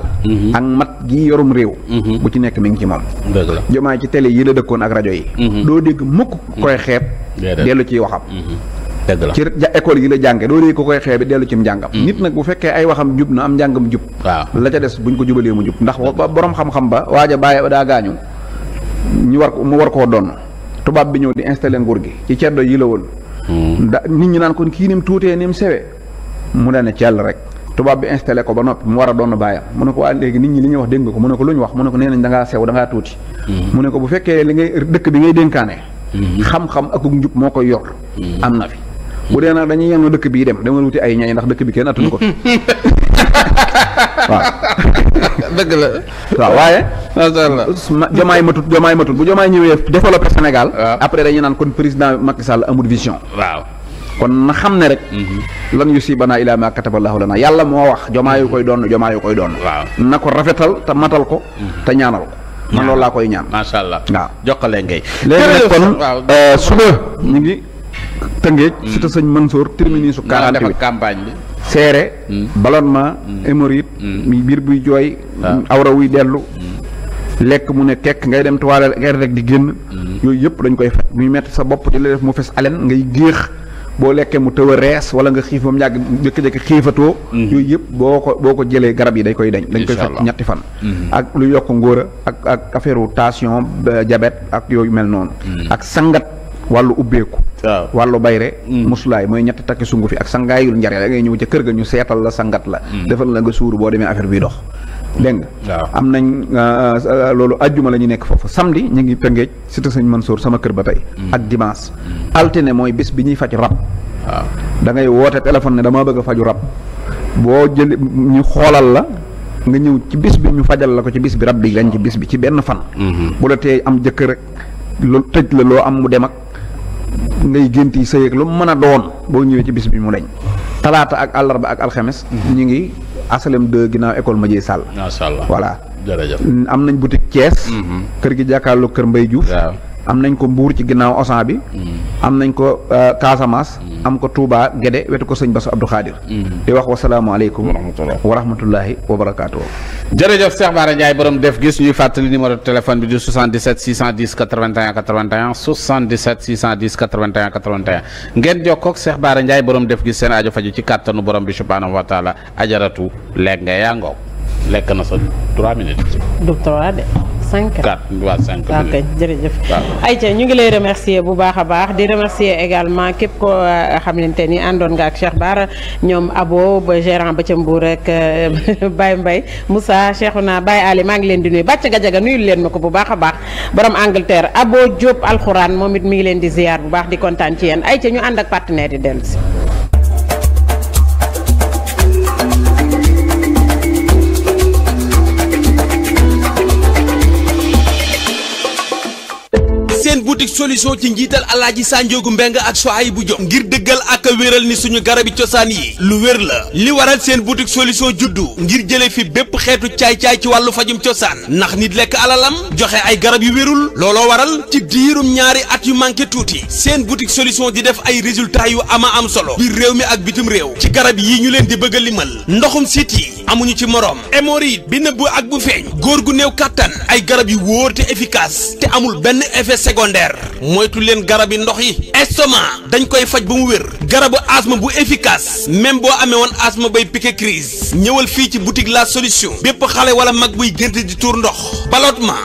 ak mat gi yorum réew. bu ci nekk mi ngi ci moom. dëgg la Jomaay ci télé yi la dëkkoon ak rajo yi. doo dégg mukk koy xeeb. dellu ciy waxam. dëgg la ci école yi la jànge doo léegi ko koy xeebe dellu ci njàngam mm. nit nag bu fekkee ay waxam jub na am njàngam jub waaw la ca des buñ ko jubalee mu jub ndax borom xam-xam ba waaja bàyyi daa gaañu ñu war mu war koo doon tubaab bi ñëw di installé nguur gi ci ceddo yi la woon mm. da nit ñi naan kon kii nim tuutee nim sewe mu ne cell rek tubaab bi installé ko ba noppi mu war a doon bàyyam mu ne ko waa léegi nit ñi li ñuy wax dégg nga ko mu ne ko lu ñu wax mu ne ko nee nañ da ngaa mm. mu ne ko bu fekkee li ngay dëkk bi ngay dénkaane mm-hmm. xam-xam akuk njub moo koy yor na fi bu dee nag dañuy yenn dëkk bi dem dama wuti ay ñay ndax dëkk bi kenn attunu ko waaw. la. waaw waaye. macha allah matut jomaay matut bu jomaay ñëwee développé Sénégal. après dañuy naan kon président Macky Sall amul vision. waaw. kon na xam ne rek. Mhm. lan yu si banaa ilaa ma kataballahu lana yàlla moo wax jomaa yu koy doon jomaa yu koy doon. waaw na ko rafetal te matal ko. Mhm. te ñaanal ko. man loolu laa koy ñaan. macha allah waaw jokkale ngay. léegi kon euh, suba ñu ngi. Tëngéej. cité mm. sëñ Mansour terminus mm. su 48 campagne bi. seere. Mm. ballonnement. hémorroïde. biir buy jooy. Ah. awra wuy dellu. lekk mu ne tekk ngay dem toilette ngay rek di génn. yooyu yëpp dañ koy faj muy metti sa bopp di la def mu fes alen ngay géex. boo lekkee mu tëw rees wala nga xiif ba mu yàgg jékki-jékki xiifatoo. yooyu yëpp boo ko boo ko jëlee garab yi dañ koy dañ. dañ koy faj ñetti fan. ak lu yokk ngóora ak ak affaire tension diabète ak yooyu mel noonu. ak sangat. wàllu ubbeeku waaw wàllu bayre mm. musulaay mooy ñett takki sungu fi ak sangaayul njare da ngay ñëw ca kër ga ñu seetal la sangat la mm. defal la nga suuru boo demee affaire bi dox dégg nga am nañ euh, euh, loolu àjjuma la ñu nekk foofu samedi ñu ngi pengeej cité man soor sama kër ba tey mm. ak dimanche altine mooy bis bi ñuy faj rab waaw da woote téléphone ne dama bëgg a faju rab boo jël ñu xoolal la nga ñëw ci bis bi ñu fajal la ko ci bis bi rab bi lañ ci bis bi ci benn fan mm-hmm. bu am jëkkër rek lu tëj la loo am mu dem ak ngay gént yi sëy ak lu mu mën a doon boo ñëwee ci bis bi mu dañ talaata ak àllarba ak alxames mhm. ñu ngi asalem de ginnaaw école ma jëy sàll voilà am nañ boutique Thiès mhm. kër gi jàkkaarloo kër Mbay Juuf am nañ ko mbuur ci ginnaaw osan bi mm. am nañ ko euh, Casamance mm. am ko Touba Guédé wetu ko sëñ Bass Abdou Khadir mm. di wax wasalaamaaleykum wa rahmatullahi wa barakaatu jërëjëf Cheikh Bara Ndiaye borom def gis ñuy fàttali numéro téléphone bi di 77 610 81 81 77 610 81 81 ngeen jokkoog Cheikh Bara Ndiaye borom def gis seen aajo faju ci kàttanu borom bi subhaanahu wa taala ajaratu lekk nga yaa ngoog lekk na sa 3 minutes. du de. cinq waaw cinq jërëjëf ayca ñu ngi lay remercier bu baax a baax di remercier également képp koo euh, xamante ni àndoon nga ak Cheikh Bara ñoom aboo ba gérant ba ca Mbour rek euh, Baye Mbaye Moussa Cheikhouna Baye Ali maa ngi leen di nuyu bàcc gajaga nuyul leen ma ko bu baax a baax borom Angleterre Abo Diop alxuraan moom it mu ngi leen di ziar bu baax di kontaan ci yéen ayca ñu ànd ak partenaire yi dellu si wutik solution ci njiital alaaji Sanjoogu Mbeng ak Sohaybu Jóob ngir dëggal ak a wéral ni suñu garabi cosaan yi lu wér la li waral seen boutique solution juddu ngir jële fi bépp xeetu caay-caay ci wàllu fajum cosaan ndax nit lekk alalam joxe ay garab yu wérul looloo waral ci diirum ñaari at yu manqué tuuti seen boutique solution di def ay résultats yu ama am solo biir réew mi ak bitim réew ci garab yi ñu leen di bëgg a limal ndoxum siti amuñu ci moroom hémorroïde bi nëbb ak bu feeñ góor gu néew kàttan ay garab yu wóor te efficace te amul benn effet fer moytu leen garabi ndox yi estomac dañ koy faj ba mu wér garabu asthme bu efficace même boo amee woon asthme bay piqué crise ñëwal fii ci boutique la solution bépp xale wala mag buy gënt di tur ndox ballottement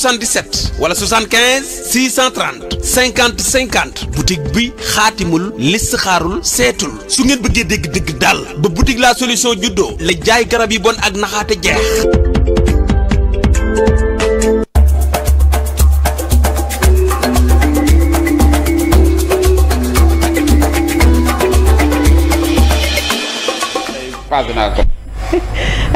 77 wala 75 630 50 50 boutique bi xaatimul listixaarul seetul su ngeen bëggee dégg dégg daal ba boutique la solution juddoo la jaay garab yi bon ak naxaate jeex.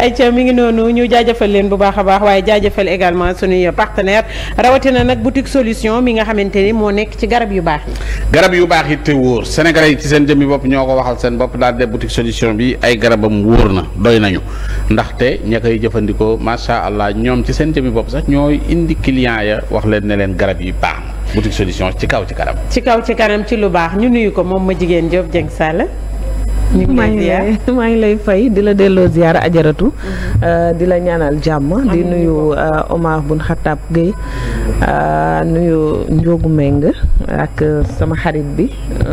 ayca mi ngi noonu ñu jaajëfal leen bu baax a baax waaye jaajëfal également suñuy partenaire rawatina nag boutique solution mi nga xamante ni moo nekk ci garab yu baax yi. garab yu baax yi te wóor sénégalais yi ci seen jëmmi bopp ñoo ko waxal seen bopp daal de boutique solution bi ay garabam wóor na doy nañu ndaxte ña koy jëfandikoo macha allah ñoom ci seen jëmmi bopp sax ñooy indi client ya wax leen ne leen garab yi baax boutique solution ci kaw ci kanam. ci maa ngi maa ngi lay fay di la delloo ziyaar ajaratu mhm. euh, di la ñaanal jàmm di nuyu euh, Omar bun Xatab Gueye euh, nuyu Njóogu Meng ak sama xarit bi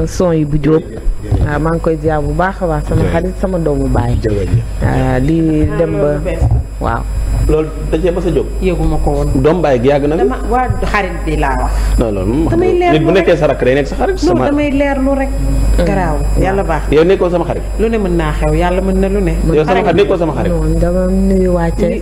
son yi bu jóob waaw maa ngi koy ziyaar bu baax a baax sama xarit sama doomu baay di dem ba waaw loolu da cee mës a jóg. yëguma ko woon. doom bàyyi gi yàgg na. dama waa xarit bi laa wax. non loolu moom damay leerlu rek nit bu nekkee sa rakk day nekk sa xarit. sama damay leerlu rek. Mm. garaaw yàlla baax. yow nekkoo sama xarit. lu ne mën naa xew yàlla mën na lu ne. yow sama xarit nekkoo sama xarit. non dama nuyu waa Thiès.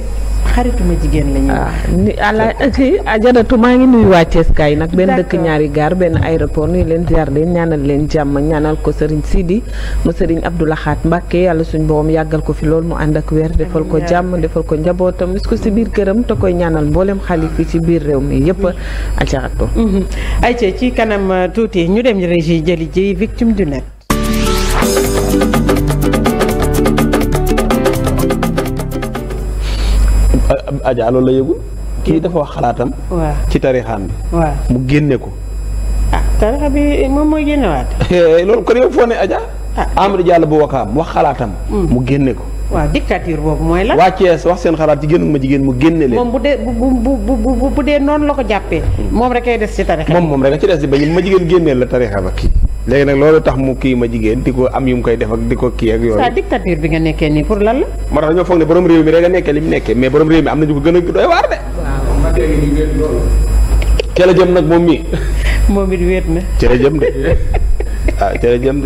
xarituma jigéen la ñu. Ah, ni ala ci ajaratu maa ngi nuyu waa Thiès kaay nag. benn dëkk ñaari gaar benn aéroport nuyu leen ziar leen ñaanal leen jàmm ñaanal ko Serigne Sidi mu Serigne Abdou Lahat Mbacké yàlla suñu borom yàggal ko fi lool mu ànd ak weer defal ko jàmm defal ko njabootam këram gis ko si biir këram te koy ñaanal mboolem xalif yi ci biir réew mi yëpp ajaratu mhm. ayca ci kanam euh, tuuti ñu dem régie jëli ci victime du net loolu la yëgul kii dafa wax xalaatam ci tarixaam bi mu génne ko ah bi moom mooy génnewaat loolu kon yow foo ne Adja ah. Amadou Diallo bu wakaam wax xalaatam mm. mu génne ko waaw dictature boobu mooy la waa Thiès wax seen xalaat jigéenu ma jigéen mu génne leen. moom bu dee bu bu bu bu dee noonu la ko jàppee. Hmm. moom rek ay des ci tarixa moom moom rek a ci des di bañ ma jigéen génneel la tarixa ba kii. léegi nag loolu tax mu kii ma jigéen di ko am yu mu koy def ak di ko kii ak yooyu. sa dictature bi nga nekkee nii pour lan la. moo tax ñoo foog ne borom réew mi rek a nekkee li mu nekkee mais borom réew mi am na ñu ko gën a doy waar de. waaw jëm nag moom mii. moom it wéet na. ca la jëm de ah ca jëm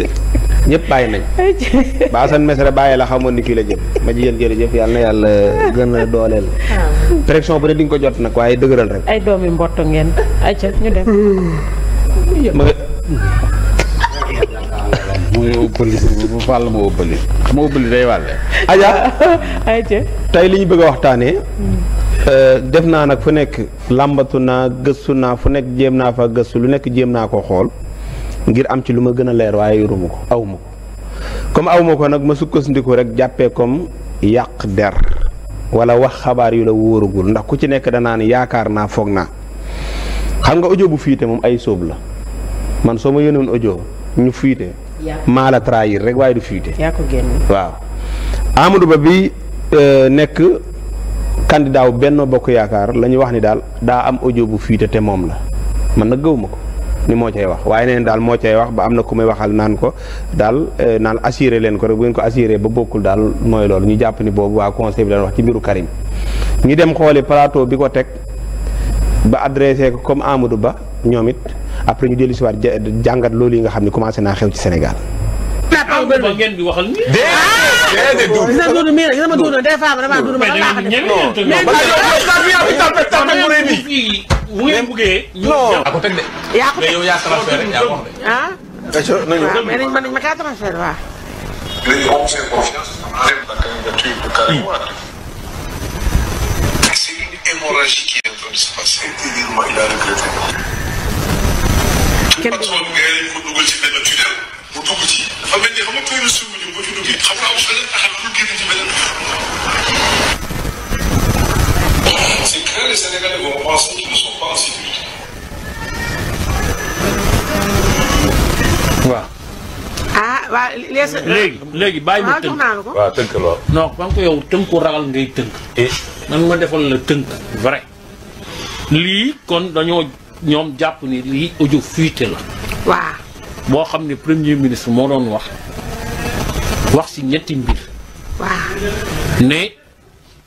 ñëpp bàyyi nañ baasan mesere bàyyi la xamoon ni kii la jëm ma jigéen jërëjëf yàlla na yàlla gën a dooleel pression bu ne di ko jot nag waaye dëgëral rek ay doomi mbott ngeen ay ca ñu dem mu hmm. ngi ëppali bu tey li ñu bëgg a waxtaanee hmm. euh, def naa nag fu nekk làmbatu naa gëstu naa fu nekk jéem naa fa gëstu lu nekk jéem naa ko xool ngir am ci lu ma gën a leer waaye yoruma ko aw ma ko comme awuma ko nag ma sukkandiku rek jàppee comme yàq der wala wax xabaar yu la wóoragul ndax ku ci nekk danaa ne yaakaar naa foog naa xam nga audio bu fiite moom ay sóob la man soo ma yónnoon audio ñu fiite maa la trahir rek waaye du fiite yaa ko génn waaw Amadou Ba bi euh, nekk candidat wu Benno Bokk Yaakaar la wax ni daal daa am audio bu fiite te moom la man nag gëwuma ko ni moo cay wax waaye neen daal moo cay wax ba am na ku may waxal naan ko daal eh, naan assuré leen ko rek bu ngeen ko assuré ba bokkul daal mooy loolu ñu jàpp ni boobu waa conseil bi daan wax ci mbiru Karim ñu dem xooli plateau bi ko teg ba adressé ko comme Amadou Ba ñoom it après ñu dellu si waat jàngat loolu yi nga xam ne commencé naa xew ci Sénégal Ah, am na ba ngeen di waxal nii. déedéet ah, déedéet. gis nga dund mii rek gis nga ma dund des fois vraiment dund ma lan laa ko def. non non parce que saa bi yaa fi tapé tapé mu rëy nii. bu ngeen buggee. non yaa ko teg de. yaa ko teg mais yow yaa transfert rek yaa ko wax de. ah. rajo nañu waaw mais nañu ma nañu ma kaa transfert waaw. léegi on fait confiance enlève la candidature de Karim hmm. Wade. c'est une hémorragie qui est en train de se passer. c'est-à-dire moi il a regretté. kenn du ko dugal ci benn tunnel. bu dugg ci dafa mel ni xam nga pexe suuf bi boo ci duggee xam nga ah, léegi léegi bàyyi ma ah, tënk waaw tënk lool. non yow tënku ragal ngay tënk. nan eh? ma defal la tënk vrai. lii kon dañoo ñoom jàpp ni lii audio fuité la. waaw. boo xam ne premier ministre moo doon wax wax ci ñetti mbir ne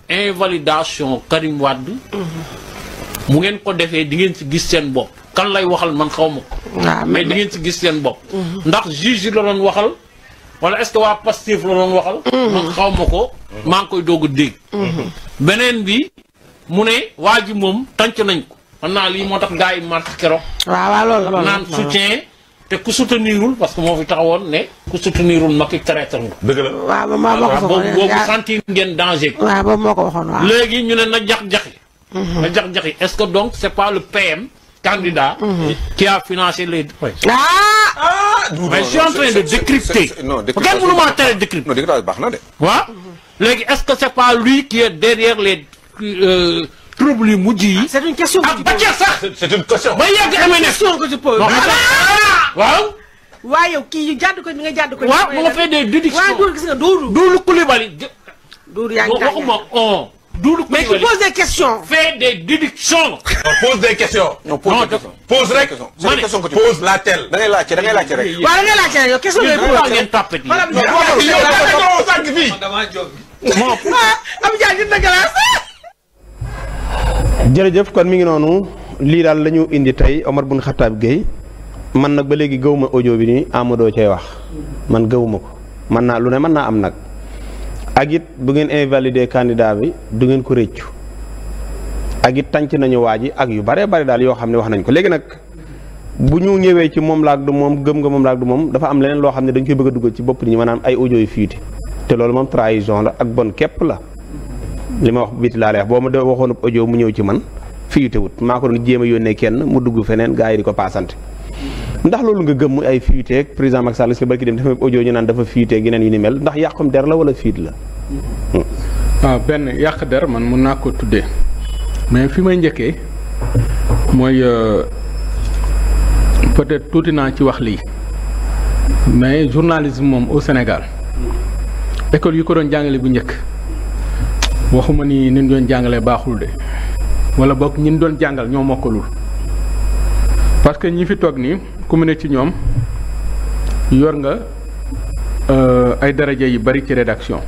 invalidation Karim Wade mu mm-hmm. ngeen ko defee di ngeen ci gis seen bopp kan lay waxal man xaw ma ko mais di ngeen ci gis seen bopp mm-hmm. ndax juge yi waxal wala est-ce que waa Pastef la doon waxal mm-hmm. man ko maa ngi koy doog dégg beneen bi mu ne waa ji moom tànc nañ ko xam naa lii moo tax gars yi marche keroog waaw waaw loolu naan soutien te ku soutenirul parce que moo fi taxawoon ne ku soutenirul Macky traître nga. dëgg la waaw boobu sentir ngeen danger. waaw boobu moo ko waxoon waaw. léegi ñu ne na jax-jaxi. Mhm. na jax-jaxi est-ce que donc c'est pas le PM. candidat. Mhm. qui a financé les. Ah! ah. mais je suis en train baax na de. waaw léegi est-ce que c'est pas lui qui est derrière les. Euh, troubles yu mujj yi. Ah, c'est une question. ah ba sax. c'est une question. ba yegg MNF. que tu poses. Ah! waaw. waaw yow kii yu jàdd ko mi nga jàdd ko. waaw mu nga fay dee déduction waaw duuru gis nga duuru. duuru Coulibaly. duuru yaa ngi waxuma on. Oh. duuru Coulibaly mais qui pose rek. ma ne pose la rek. waaw da ngay laajte rek yow question yooyu. Ah, jërëjëf kon mi ngi noonu lii daal la indi tey Omar Bun Khattab Gueye man nag ba léegi gëw ma audio bi nii Amadou cay wax man gawuma ko man naa lu ne mën naa am nag ak it bu ngeen invalider candidat bi du ngeen ko réccu ak it tànc nañu waa ji ak yu baree bari daal yoo xam ne wax nañ ko léegi nag bu ñu ñëwee ci moom laag du moom gëm nga moom laag du moom dafa am leneen loo xam ne dañ koy bëgg a duggal ci bopp nit naa maanaam ay audio yu te loolu moom trahison la ak bon képp la li ma wax biti laa lay wax boo ma de waxoon audio mu ñëw ci man fuité wut maa ko doon jéem a yónnee kenn mu dugg feneen gaa yi di ko paasante ndax loolu nga gëm muy ay fuiteeg président Macky Sall si barki dem dafa audio ñu naan dafa fuiteeg yeneen yu ni mel ndax yàqum der la wala fuite la. waaw ah, benn yàq der man mun naa ko tuddee mais fi may njëkkee mooy euh, peut-être tuuti naa ci wax lii mais journalisme moom au Sénégal école yi ko doon jàngale bu njëkk waxuma ni ni ñu doon jàngalee baaxul de wala boog ñi doon jàngal ñoo mokkalul. parce que ñi fi toog nii ku mu ci ñoom yor nga euh, ay daraja yu bari ci rédaction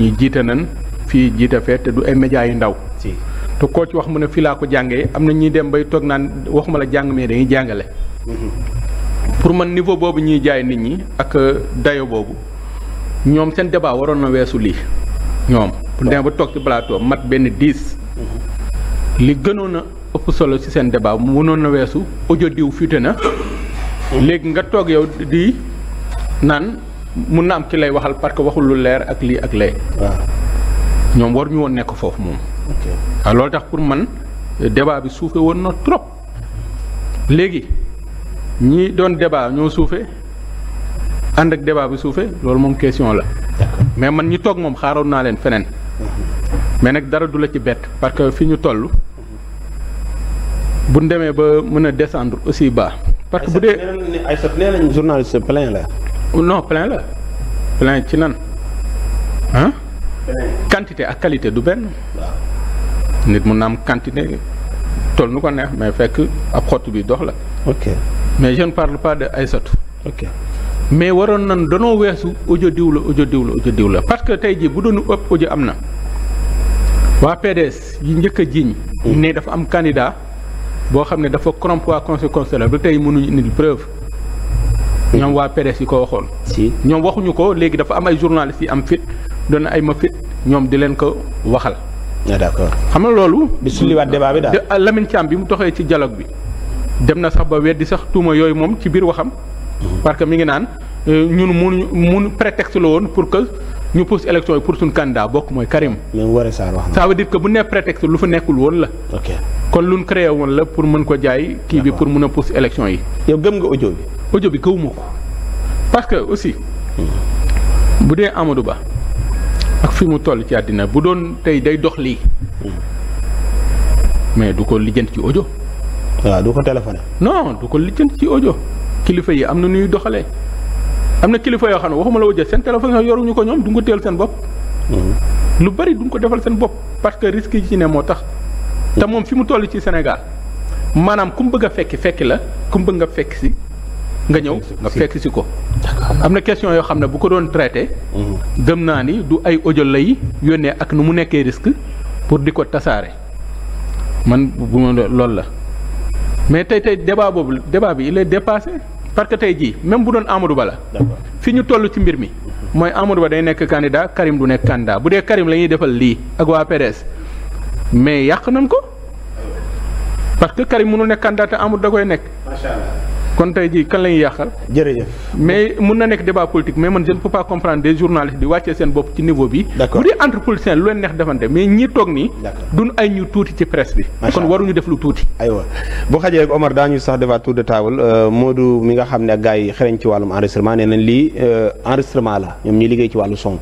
ñi jiite nan fii jiita fee te du ay médias yu ndaw te koo ci wax mu ne fii laa ko jànge am na ñuy dem bay toog naan waxuma la jàng mais dañuy jàngale mm-hmm. pour man niveau boobu ñuy jaay nit ñi ak euh, dayo boobu ñoom seen débat waroon na weesu lii ñoom bu dem ba toog ci plateau mat benn diis mm-hmm. li gënoon ëpp solo ci seen mu mënoon na weesu audio diw fiite na léegi nga toog yow di naan mun na am ci lay waxal parce que waxul lu leer ak lii ak lay ñoom war ñu woon nekk foofu moom waaw ah, loolu tax pour man débat bi suufe woon na trop léegi ñi doon débat ñoo suufe ànd ak débat bi suufe loolu moom question la mais man ñi toog moom xaaroon naa leen feneen mhm. mais nag dara du la ci bett parce que fi ñu toll bu ñu demee ba mën a descendre aussi baax parce que bu dee ay sot nee nañ journaliste la. non plein la plein ci nan ah. quantité ak qualité du benn. nit mun na am quantité toll nu ko neex mais fekk ab xott bi dox la. ok mais je par parle pas de ay sot. ok mais waroon nan danoo weesu audio diwla la audio diw la parce que tey jii bu doon ëpp audio am na waa PDS yi njëkk a jiiñ hmm. ne dafa am candidat. boo xam ne dafa corrompre waa conseil constitutionnel ba tey mënuñu indil preuve. ñoom waa PDS yi ko waxoon. si ñoom waxuñu ko léegi dafa am ay journalistes yi am fit doon ay ma fit ñoom di leen ko waxal. ah d'accord xam na loolu. di sulliwaat débat bi daal ah, Lamine Thiam bi mu doxee ci dialogue bi. dem na sax ba weddi sax tuuma yooyu moom ci biir waxam. Mm-hmm. parce que mi ngi naan euh, ñun mënuñu mun prétexte la woon pour que. ñu pousse élection yi pour suñu candidat bokk mooy Karim. li mu waree Sarr wax na ça veut dire que bu lu fa nekkul woon la. ok kon lu ñu créé woon la pour mën ko jaay. kii bi pour mun a pousse élection yi. yow gëm nga audio bi. audio bi gëwuma ko parce que aussi hmm. bu dee Amadou Ba ak fi mu toll ci àddina bu doon tey day dox lii hmm. mais du ko lijjant ci ojo waaw du ko téléphoné. non du ko lijjant ci ojo kilifa yi am na nuy doxalee. am na kilifa yoo xam ne waxuma la wujjee seen téléphone yoruñu ko ñoom duñ ko teel seen bopp. Mm-hmm. lu bari duñ ko defal seen bopp parce que risque yi ci ne moo tax. te moom fi mu toll ci Sénégal maanaam ku mu bëgg a fekk fekk la ku mu bëgg nga fekk si. nga ñëw nga fekk si ko. am na question yoo xam ne bu ko doon traité. Mm-hmm. gëm naa ni du ay audio lay yónnee ak nu mu nekkee risque pour di ko tasaare. man bu ma loolu la mais tey tey débat boobu débat bi il est parce que tey jii même bu doon Amadou Ba la. fi ñu toll ci mbir mi. mooy Amadou Ba day nekk candidat Karim du nekk kàndaa bu dee Karim lañuy defal lii ak waa PDS mais yàq nañ ko parce que Karim mënul nekk candidat te Amadou da koy nekk. kon tey jii kan la ñuy yàqal. jërëjëf mais mun na nekk débat politique mais man je ne comprendre des journalistes di wàccee seen bopp ci niveau bi. bu dee entre politiciens lu leen neex defante mais ñi toog nii. duñ ay ñu tuuti ci presse bi. kon waruñu def lu tuuti. aywa bu xajee rek Omar daañu sax defaat tour de table euh, Modou mi nga xam ne ak gars yi xereñ ci wàllum enregistrement nee nañ lii euh, la ñoom ñi liggéey ci wàllu son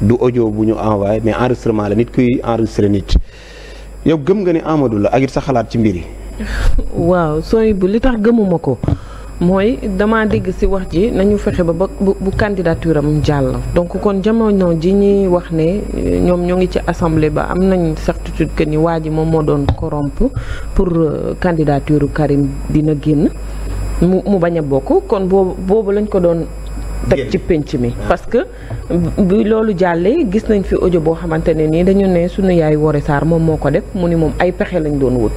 du audio bu ñu envoyé mais enregistrement la nit kuy enregistré nit yow gëm nga ne Amadou la sa xalaat ci mbir yi. waaw sooy bu ko mooy damaa dégg ci wax ji nañu fexe ba ba bu candidature am jàll. donc kon jamono ji ñuy wax ne ñoom ñoo ngi ci assemblée ba am nañ certitude que ni waa ji moom moo doon corrompre pour euh, candidature Karim dina génn mu mu bañ a bokk kon boobu boobu lañ ko doon. teg ci pénc mi parce que bi loolu jàllee gis nañ fi audio boo xamante ne nii dañu ne sunu yaay Woré Sarr moom moo ko def mu ni moom ay pexe lañ doon wut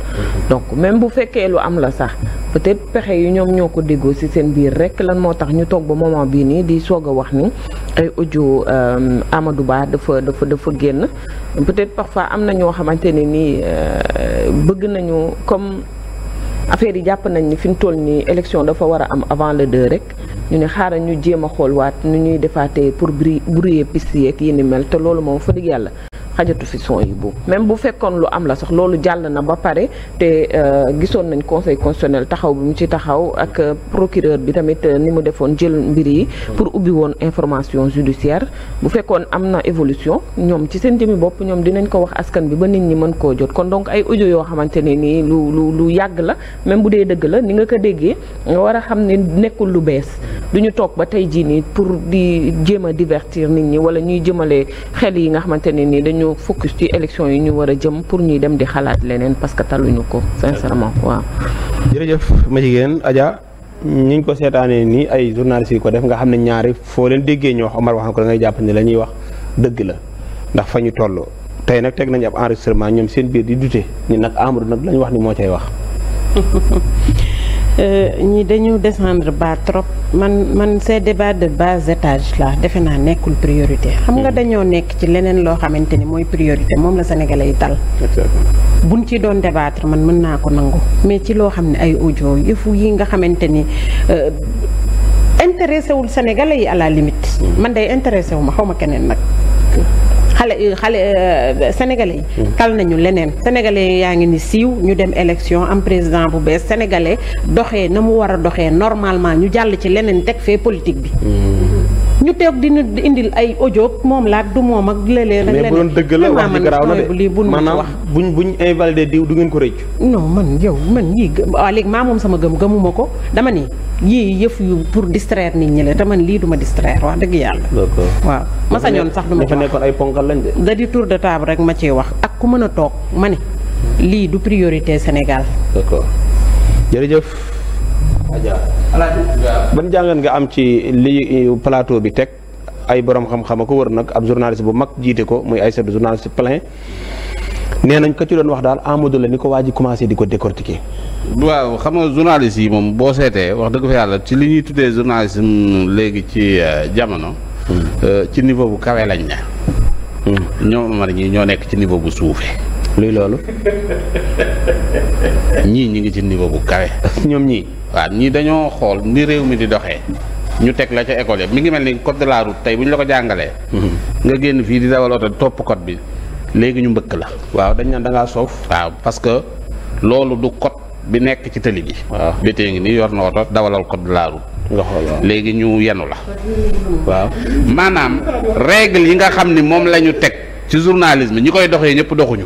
donc même bu fekkee lu am la sax peut-être pexe yi ñoom ñoo ko déggoo ci seen biir rekk lan moo tax ñu toog ba moment bii nii di soog a wax ni ay audio euh, Amadou Ba dafa dafa dafa génn peut-être parfois am na ñoo xamante ne nii euh, bëgg nañu comme affaire yi jàpp nañ ni fi ñu toll nii élection dafa war a am avant le deux rek ñu ne xaaral ñu jéem a xool waat nu ñuy defaatee pour brouiller piste yeeg yi ni mel te loolu moom fa dëgg yàlla xajatu fi son yi bu même bu fekkoon lu am la sax loolu jàll na ba pare te euh, gisoon nañ conseil constitutionnel taxaw bi mu ci taxaw ak euh, procureur bi tamit euh, ni mu defoon jël mbir yi pour ubbi woon information judiciaire bu fekkoon am na évolution ñoom ci seen jëmi bopp ñoom dinañ ko wax askan bi ba nit ñi mën koo jot kon donc ay audio yoo xamante ne nii lu lu lu yàgg la même bu dee dëgg la ni nga ko déggee nga war a xam ne nekkul lu bees du ñu toog ba tey jii nii di jéem a divertir nit ñi wala ñuy ñu focus ci élection yi ñu war a jëm pour ñuy dem di xalaat leneen parce que ñu ko sincèrement waaw. jërëjëf ma jigéen Adja ñi ñu ko seetaanee nii ay journalistes yi ko def nga xam ne ñaari foo leen déggee ñu wax Omar wax na ko da ngay jàpp ne la ñuy wax dëgg la ndax fa ñu toll tey nag teg nañu ab enregistrement ñoom seen biir di dute ñu nag Amadou nag la ñu wax ni moo cay wax. Euh, ñi dañu descendre ba trop man man ces débats de bas étage la defe naa nekkul priorité xam nga hmm. dañoo nekk ci leneen loo xamante ni mooy priorité moom la sénégalais yi tal buñ ci doon débattre man mën naa ko nangu mais ci loo xam ne ay audio yëfu yi nga xamante ni euh, intéressé wul sénégalais yi à la limite hmm. man day intéressé ma xaw ma keneen nag xale euh, xale euh, sénégalais yi tal hmm. nañu leneen sénégalais yaa ngi ni siiw ñu dem élection am président bu bees sénégalais doxee na mu war a doxee normalement ñu jàll ci leneen teg fee politique bi hmm. ñu toog di indil ay audio moom laak du moom ak léeg-léeg nag mais bu doon dëgg la wax ji garaaw na de maanaam buñ buñ invalidé diw du ngeen ko rëccu non man yow man yii waaw ah, léegi maa moom sama gëm gëmuma ko dama ni yii yëf yu pour distraire nit ñi la te man lii du ma distraire wax dëgg yàlla waaw ma sañoon sax du ma ci wax nekkoon ay ponkal lañ de da di tour de table rek ma ciy wax ak ku mën a toog ma ni lii du priorité Sénégal d'accord jërëjëf ban jàngat nga am ci li eh, plateau bi teg ay borom xam-xam ko wër nag ab journaliste bu mag jiite ko muy ay seetlu journaliste plein nee nañ ko ci doon wax daal Amadou la ni ko waa ji commencé di ko décortiquer. waaw xam nga yi moom boo seetee wax dëgg fa yàlla ci li ñuy tuddee journalisme léegi ci eh, jamono. Hmm. Eh, ci niveau bu kawe lañ hmm. ñoo ma Omar ñi ñoo nekk ci niveau bu suufee. luy loolu ñii ñi ngi ci niveau bu kawe ñoom ñii waaw ñii dañoo xool ni réew mi di doxee ñu teg la ca école yi mi ngi mel ni code de route tey bu ñu la ko jàngalee mhm. nga génn fii di dawal oto topp code bi léegi ñu mbëkk la waaw dañ naan da soof waaw parce que loolu du code bi nekk ci tëli bi waaw bétee ngi nii yor na oto dawalal code de la route léegi ñu yenu la waaw maanaam règle yi nga xam ni moom lañu teg ci journalisme ñi koy doxee ñëpp doxuñu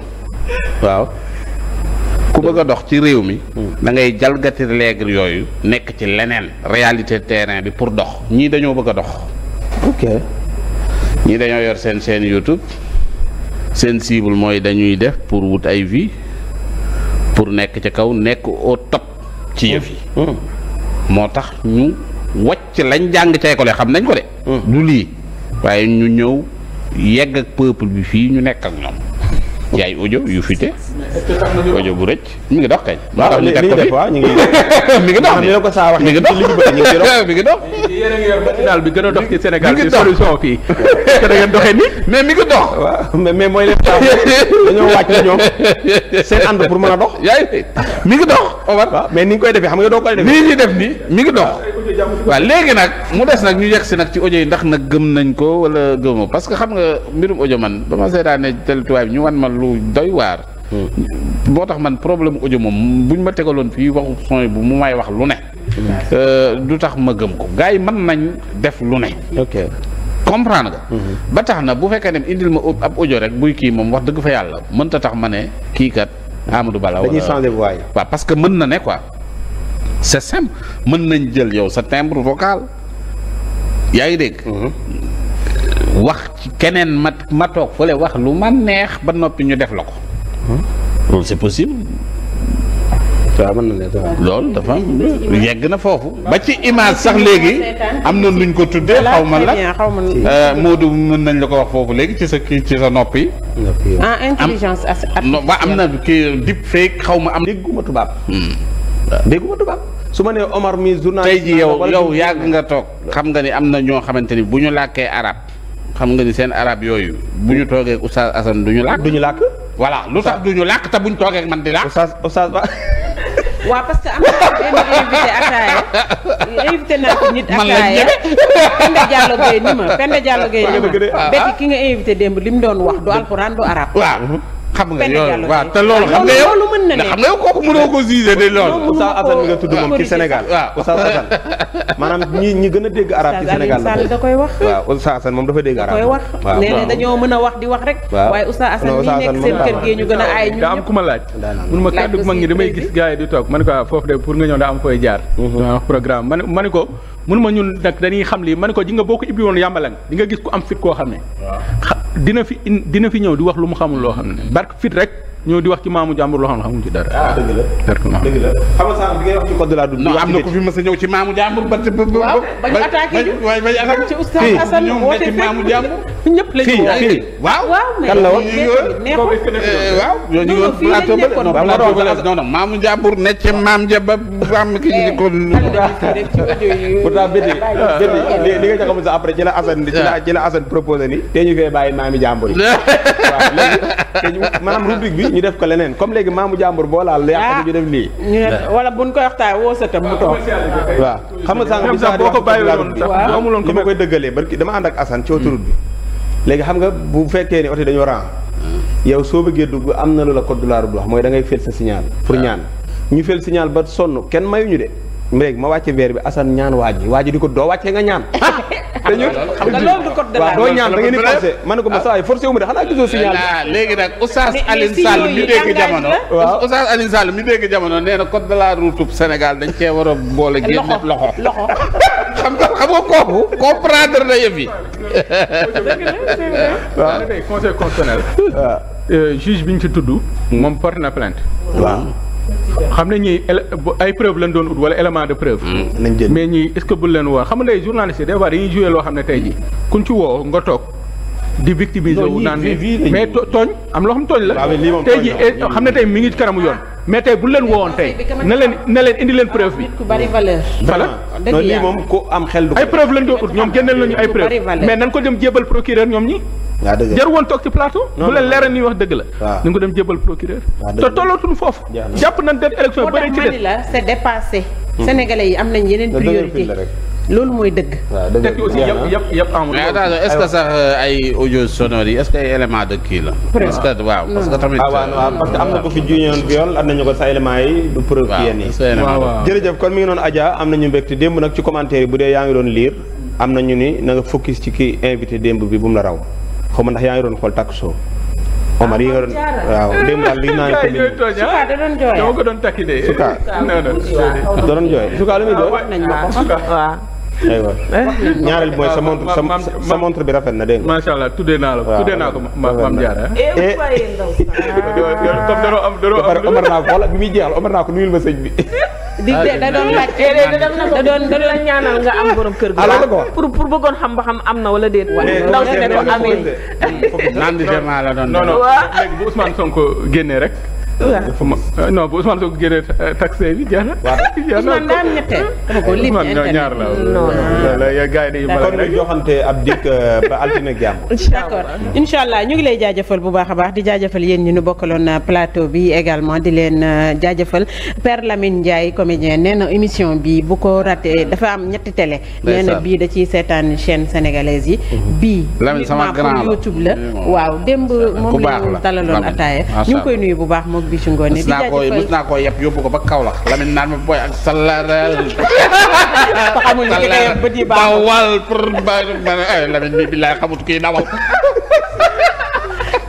waaw ku bëgg a dox ci réew mi. Hmm. da ngay jalgati règle yooyu. nekk ci leneen réalité terrain bi pour dox ñii dañoo bëgg a dox. ok ñii dañoo yor seen seen YouTube seen cible mooy dañuy def pour wut ay vie pour nekk ci kaw nekk au top. ci yëf yi. Hmm. Hmm. moo tax ñu wàcc lañ jàng ci école xam nañ ko de. du lii waaye ñu ñëw yegg ak peuple bi fii ñu nekk ak ñoom. ci ay audio yu fuité audio bu rëcc mi ngi dox kañ. moo tax ñu mi ngi dox mi ngi dox mi ngi dox bi gën a ci Sénégal ci solution fii. parce que da ngeen doxee mais mi ngi dox. waaw mais mooy leen dañoo wàcc ñoom seen ànd pour mën a dox. yaa ngi mi ngi dox. waaw mais ni nga koy defee xam nga doo koy defee. nii def nii mi ngi dox. Ah, waaw léegi nag mu des nag ñu yegg si nag ci ojo yi ndax nag gëm nañ ko wala gëmoo parce que xam nga mbirum ojo man ba ma seetaanee tel tubaab ñu wan ma lu doy waar boo tax man problème audio moom bu buñ ma tegaloon fii waxu son bu mu may wax lu ne. Euh, du tax ma gëm ko gars yi man nañ def lu ne. ok comprendre mhm. ba tax na bu fekkee ne indil ma ab audio rek buy kii moom wax dëgg fa yàlla mënta tax ma ne kii kat Amadou Ba la. dañuy changer voix waaw parce que mën na ne ko c'est simple mën nañ jël yow sa timbre vocal yaa ngi dégg. Mhm. wax ci keneen ma ma toog fële wax lu ma neex ba noppi ñu def la ko. loolu c'est possible. waaw mën na ne loolu dafa yegg na foofu ba ci image sax léegi am na luñ ko tuddee xaw ma la euh, Moodu mën nañ la ko wax foofu léegi ci sa kii ci sa nopp yi. ah intelligence artificielle am na kii deep fake xaw ma am. dégguma tubaab. Hmm. waaw dégguma tubaab. su ma nee Omar mi journaliste tey ji yow yow yàgg nga toog xam nga ni am na ñoo xamante ni bu ñu làkkee arab xam nga ni seen arab yooyu bu ñu toogee Oustaz Assane du ñu làkk. duñu làkk. voilà lu tax duñu làkk te buñ toogee man di làkk. oustaz oustaz ba. waa parce que am na benn invité ataaya invité naa ko nit ataaya Penda Diallo Gueye ni ma Penda Diallo Gueye ni ma. waaw ah. ki nga invité démb li mu doon wax du alxuraan du arab xam nga yow waaw te loolu xam nga yow xam nga yow kooku mënoo ko jugé de loolu Oustaz Assane mi nga tudd moom ci Sénégal waaw Oustaz Assane maanaam ñi gën a dégg araat ci Sénégal la da koy wax waaw Oustaz Assane moom dafa dégg arab nee na dañoo mën a wax di wax rek waaye Oustaz Assane mi nekk seen kër gee ñu gën a aay ñu daa am ku ma laaj mun ma kàddu mag ñi damay gis gars yi di toog man ko ah foofu de pour nga ñëw daa am koy jaar mhm. programme ma ne ko mun ma ñun nag dañuy xam lii man ko ji nga boo ko ibbi woon yàmbalang di nga gis ku am fit koo xam ne. dina fi dina fi ñëw di wax lu mu xamul loo xam ne barke fit rek. ñëw di wax ci maamu jàmbur loo xam ne xamuñ ci dara. ah xam nga sànq wax ci code de dund. non am na ko fi mës a ñëw ci maamu jàmbur ba. waaw bañ attaqué la ñu woote waaw kan la woon eh, waaw ñoo ñu woon plateau ba non non maamu jàmbur ne ci maam ja ba am ki ñu ko eh, pourtant béti béti li nga jaxamu sax après ci la Assane ci la ci la Assane proposé ni te ñu fee bàyyi maami jàmbur yi waaw léegi maanaam rubrique bi ñu def ko leneen comme léegi maamu jàmbur boo laal yàq ah. ñu def lii wala buñ koy waxtaay woo sa tam mu toog waaw xam nga sànq bi sax boo ko bàyyiwoon sax amuloon ko ma koy dëggalee barki dama ànd ak Assane ci autoroute bi léegi xam nga bu fekkee ni oto dañoo ran hmm. yow soo bëggee dugg am na lu la code de la wax mooy da ngay fel sa signal pour ah. ñaan ñu fel signal ba sonn kenn mayuñu de léegi ma wàcce verre bi Assane ñaan waa ji waa ji di ko doo wàccee nga ñaan. te ñun xam nga loolu du code de doo ñaan da ngeen di forcé ma ne ko ma saa yi forcé wu ma de xanaa gisoo signal bi. léegi nag Oustaz Alioune Sall mi dégg jamono. waaw Oustaz Alioune Sall mi dégg jamono nee na code de la route Sénégal dañ cee war boole. génn loxo loxo xam nga xam nga kooku comprendre na yëf yi. waaw euh, bi ñu ci tudd. moom porte na plainte. waaw. xam nañ ni ay preuve lañ doon ut wala élément de preuve. Mm. mais ñii est bu leen woo xam nga day journaliste des fois dañuy joué loo xam ne tey jii kuñ ci woo nga toog. di victimiser wu naan mais tooñ am loo xam tooñ la tey ji eh, xam ne tey mi ngi kanamu yoon mais tey bu leen woowoon tey na leen na leen indi leen preuve bi voilà ay preuve lañ doon ut ñoom génneel nañu ay preuve mais nan ko dem jébal procureur ñoom ñi yaa dëgg jar woon toog ci plateau. bu leen leeral ni wax dëgg la. waaw ñu ko dem jébal procureur. te tollootuñu foofu. jàpp nañ dem élection bëri ci des la hmm. yi am nañ yeneen mooy dëgg. waaw yëpp yëpp yëpp amul. mais attention euh, yi kii la. parce que que tamit. ah waaw parce am na ko fi juñoon viol am ko sa éléments yi du preuve yenn yi. waaw jërëjëf kon mi ngi noonu Adja am nañu mbégte démb nag ci commentaire yi bu dee yaa ngi doon liir am ñu ni na nga focus ci kii invité démb bi bu mu la raw xaw ma ndax yaa ngi doon xool takk soo. Omar yi nga doon ah, waaw démb daal li naa. Ah? da doon jooy suka lu muy doon. Ah, aywa eh? ñaareel mooy sa montre sa montre bi rafet na dégg nga. macha allah tuddee naa la tuddee naa ko maam Diarra. eh, eh, eh? am danoo bi muy jeexal omar naa ko nuyul ma sëñ bi. di de da doon ñaanal nga am borom kër gi. ala ah, ko pour pour bëggoon xam ba xam am na wala déet. ndaw si ne ko amee. naan di la doon non non léegi waaw euh, non bu Ousmane Sonko génnee euh, taxé bi jeex na. waaw Ousmane euh, allah ñu ngi lay jaajëfal bu baax a baax di jaajëfal yéen ñi nu bokkaloon plateau bi également di leen jaajëfal Père Lamine Ndiaye comédien nee na émission bi bu ko raté dafa am ñetti télé. nee bii da ciy seetaan chaîne sénégalaise yi. Mhm. bii Lamine sama grand YouTube la mm. waaw démb moom la ñu talaloon ñu koy nuyu bu baax moom bi ci ngoon di jaajëfal ko ba Kaolack Lamine naan ma booy ak salaareel. te ni ki nga yeb bët yi baaxul dawal pour ba eh, Lamine bi billaay xamut kii dawal.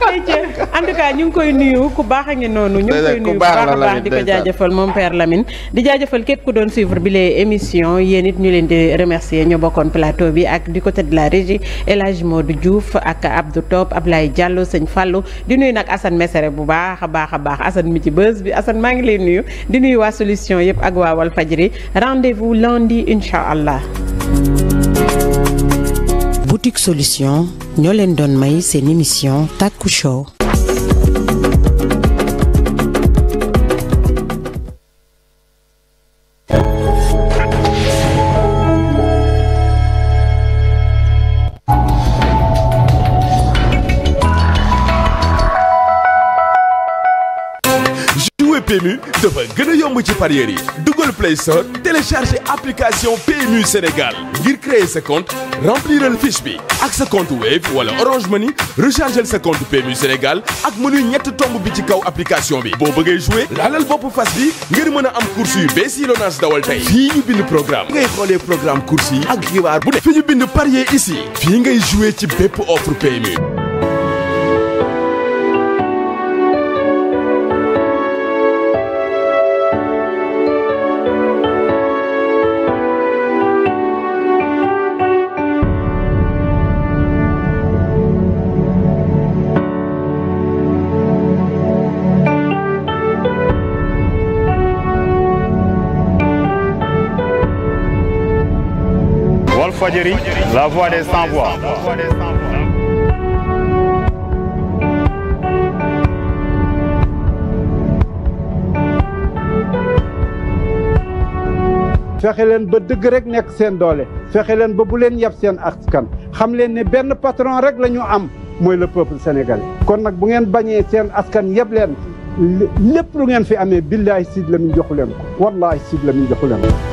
en tout ñu ngi koy nuyu ku baax a ngi noonu. ñu ngi koy nuyu bu baax a baax di ko jaajëfal moom Père Lamine. di jaajëfal képp ku doon suivre bi les émission yéen it ñu leen di remercier ñu bokkoon plateau bi ak du côté de la régie El Hadj Modou Diouf ak Abdou Top Ablaye Diallo sëñ Fallou di nuyu nag Assane Mesere bu baax a baax a baax Assane mi ci bës bi asan maa ngi lay nuyu di nuyu waa solution yëpp ak waa Walfadjri rendez-vous lundi incha allah. boutique solution ñoo leen doon may seen émission Taku Show PMU dafa gën a yomb ci parieur yi dugal Play Store télécharger application PMU Sénégal ngir créer sa compte remplir le bi ak sa compte Wave wala Orange Money recharger sa compte PMU Sénégal ak mënu ñett tomb bi ci kaw application bi boo bëggee jouer laalal bopp fas bi ngir mën a am course yu bees yi Lonase dawal tey fii ñu bind programme ngay xoolee programme course yi ak xibaar bu ne fi ñu bind parier ici fii ngay jouer ci bépp offre PMU Walfadjri la des sans voix leen ba dëgg rek nekk seen doole fexe leen ba bu leen yab seen askan xam leen ne benn patron rek la am mooy le peuple sénégalais. kon nag bu ngeen bañee seen askan yëpp leen lépp lu ngeen fi amee billahi Sidy Lamine joxu leen ko wallahi Sidy Lamine joxu leen ko.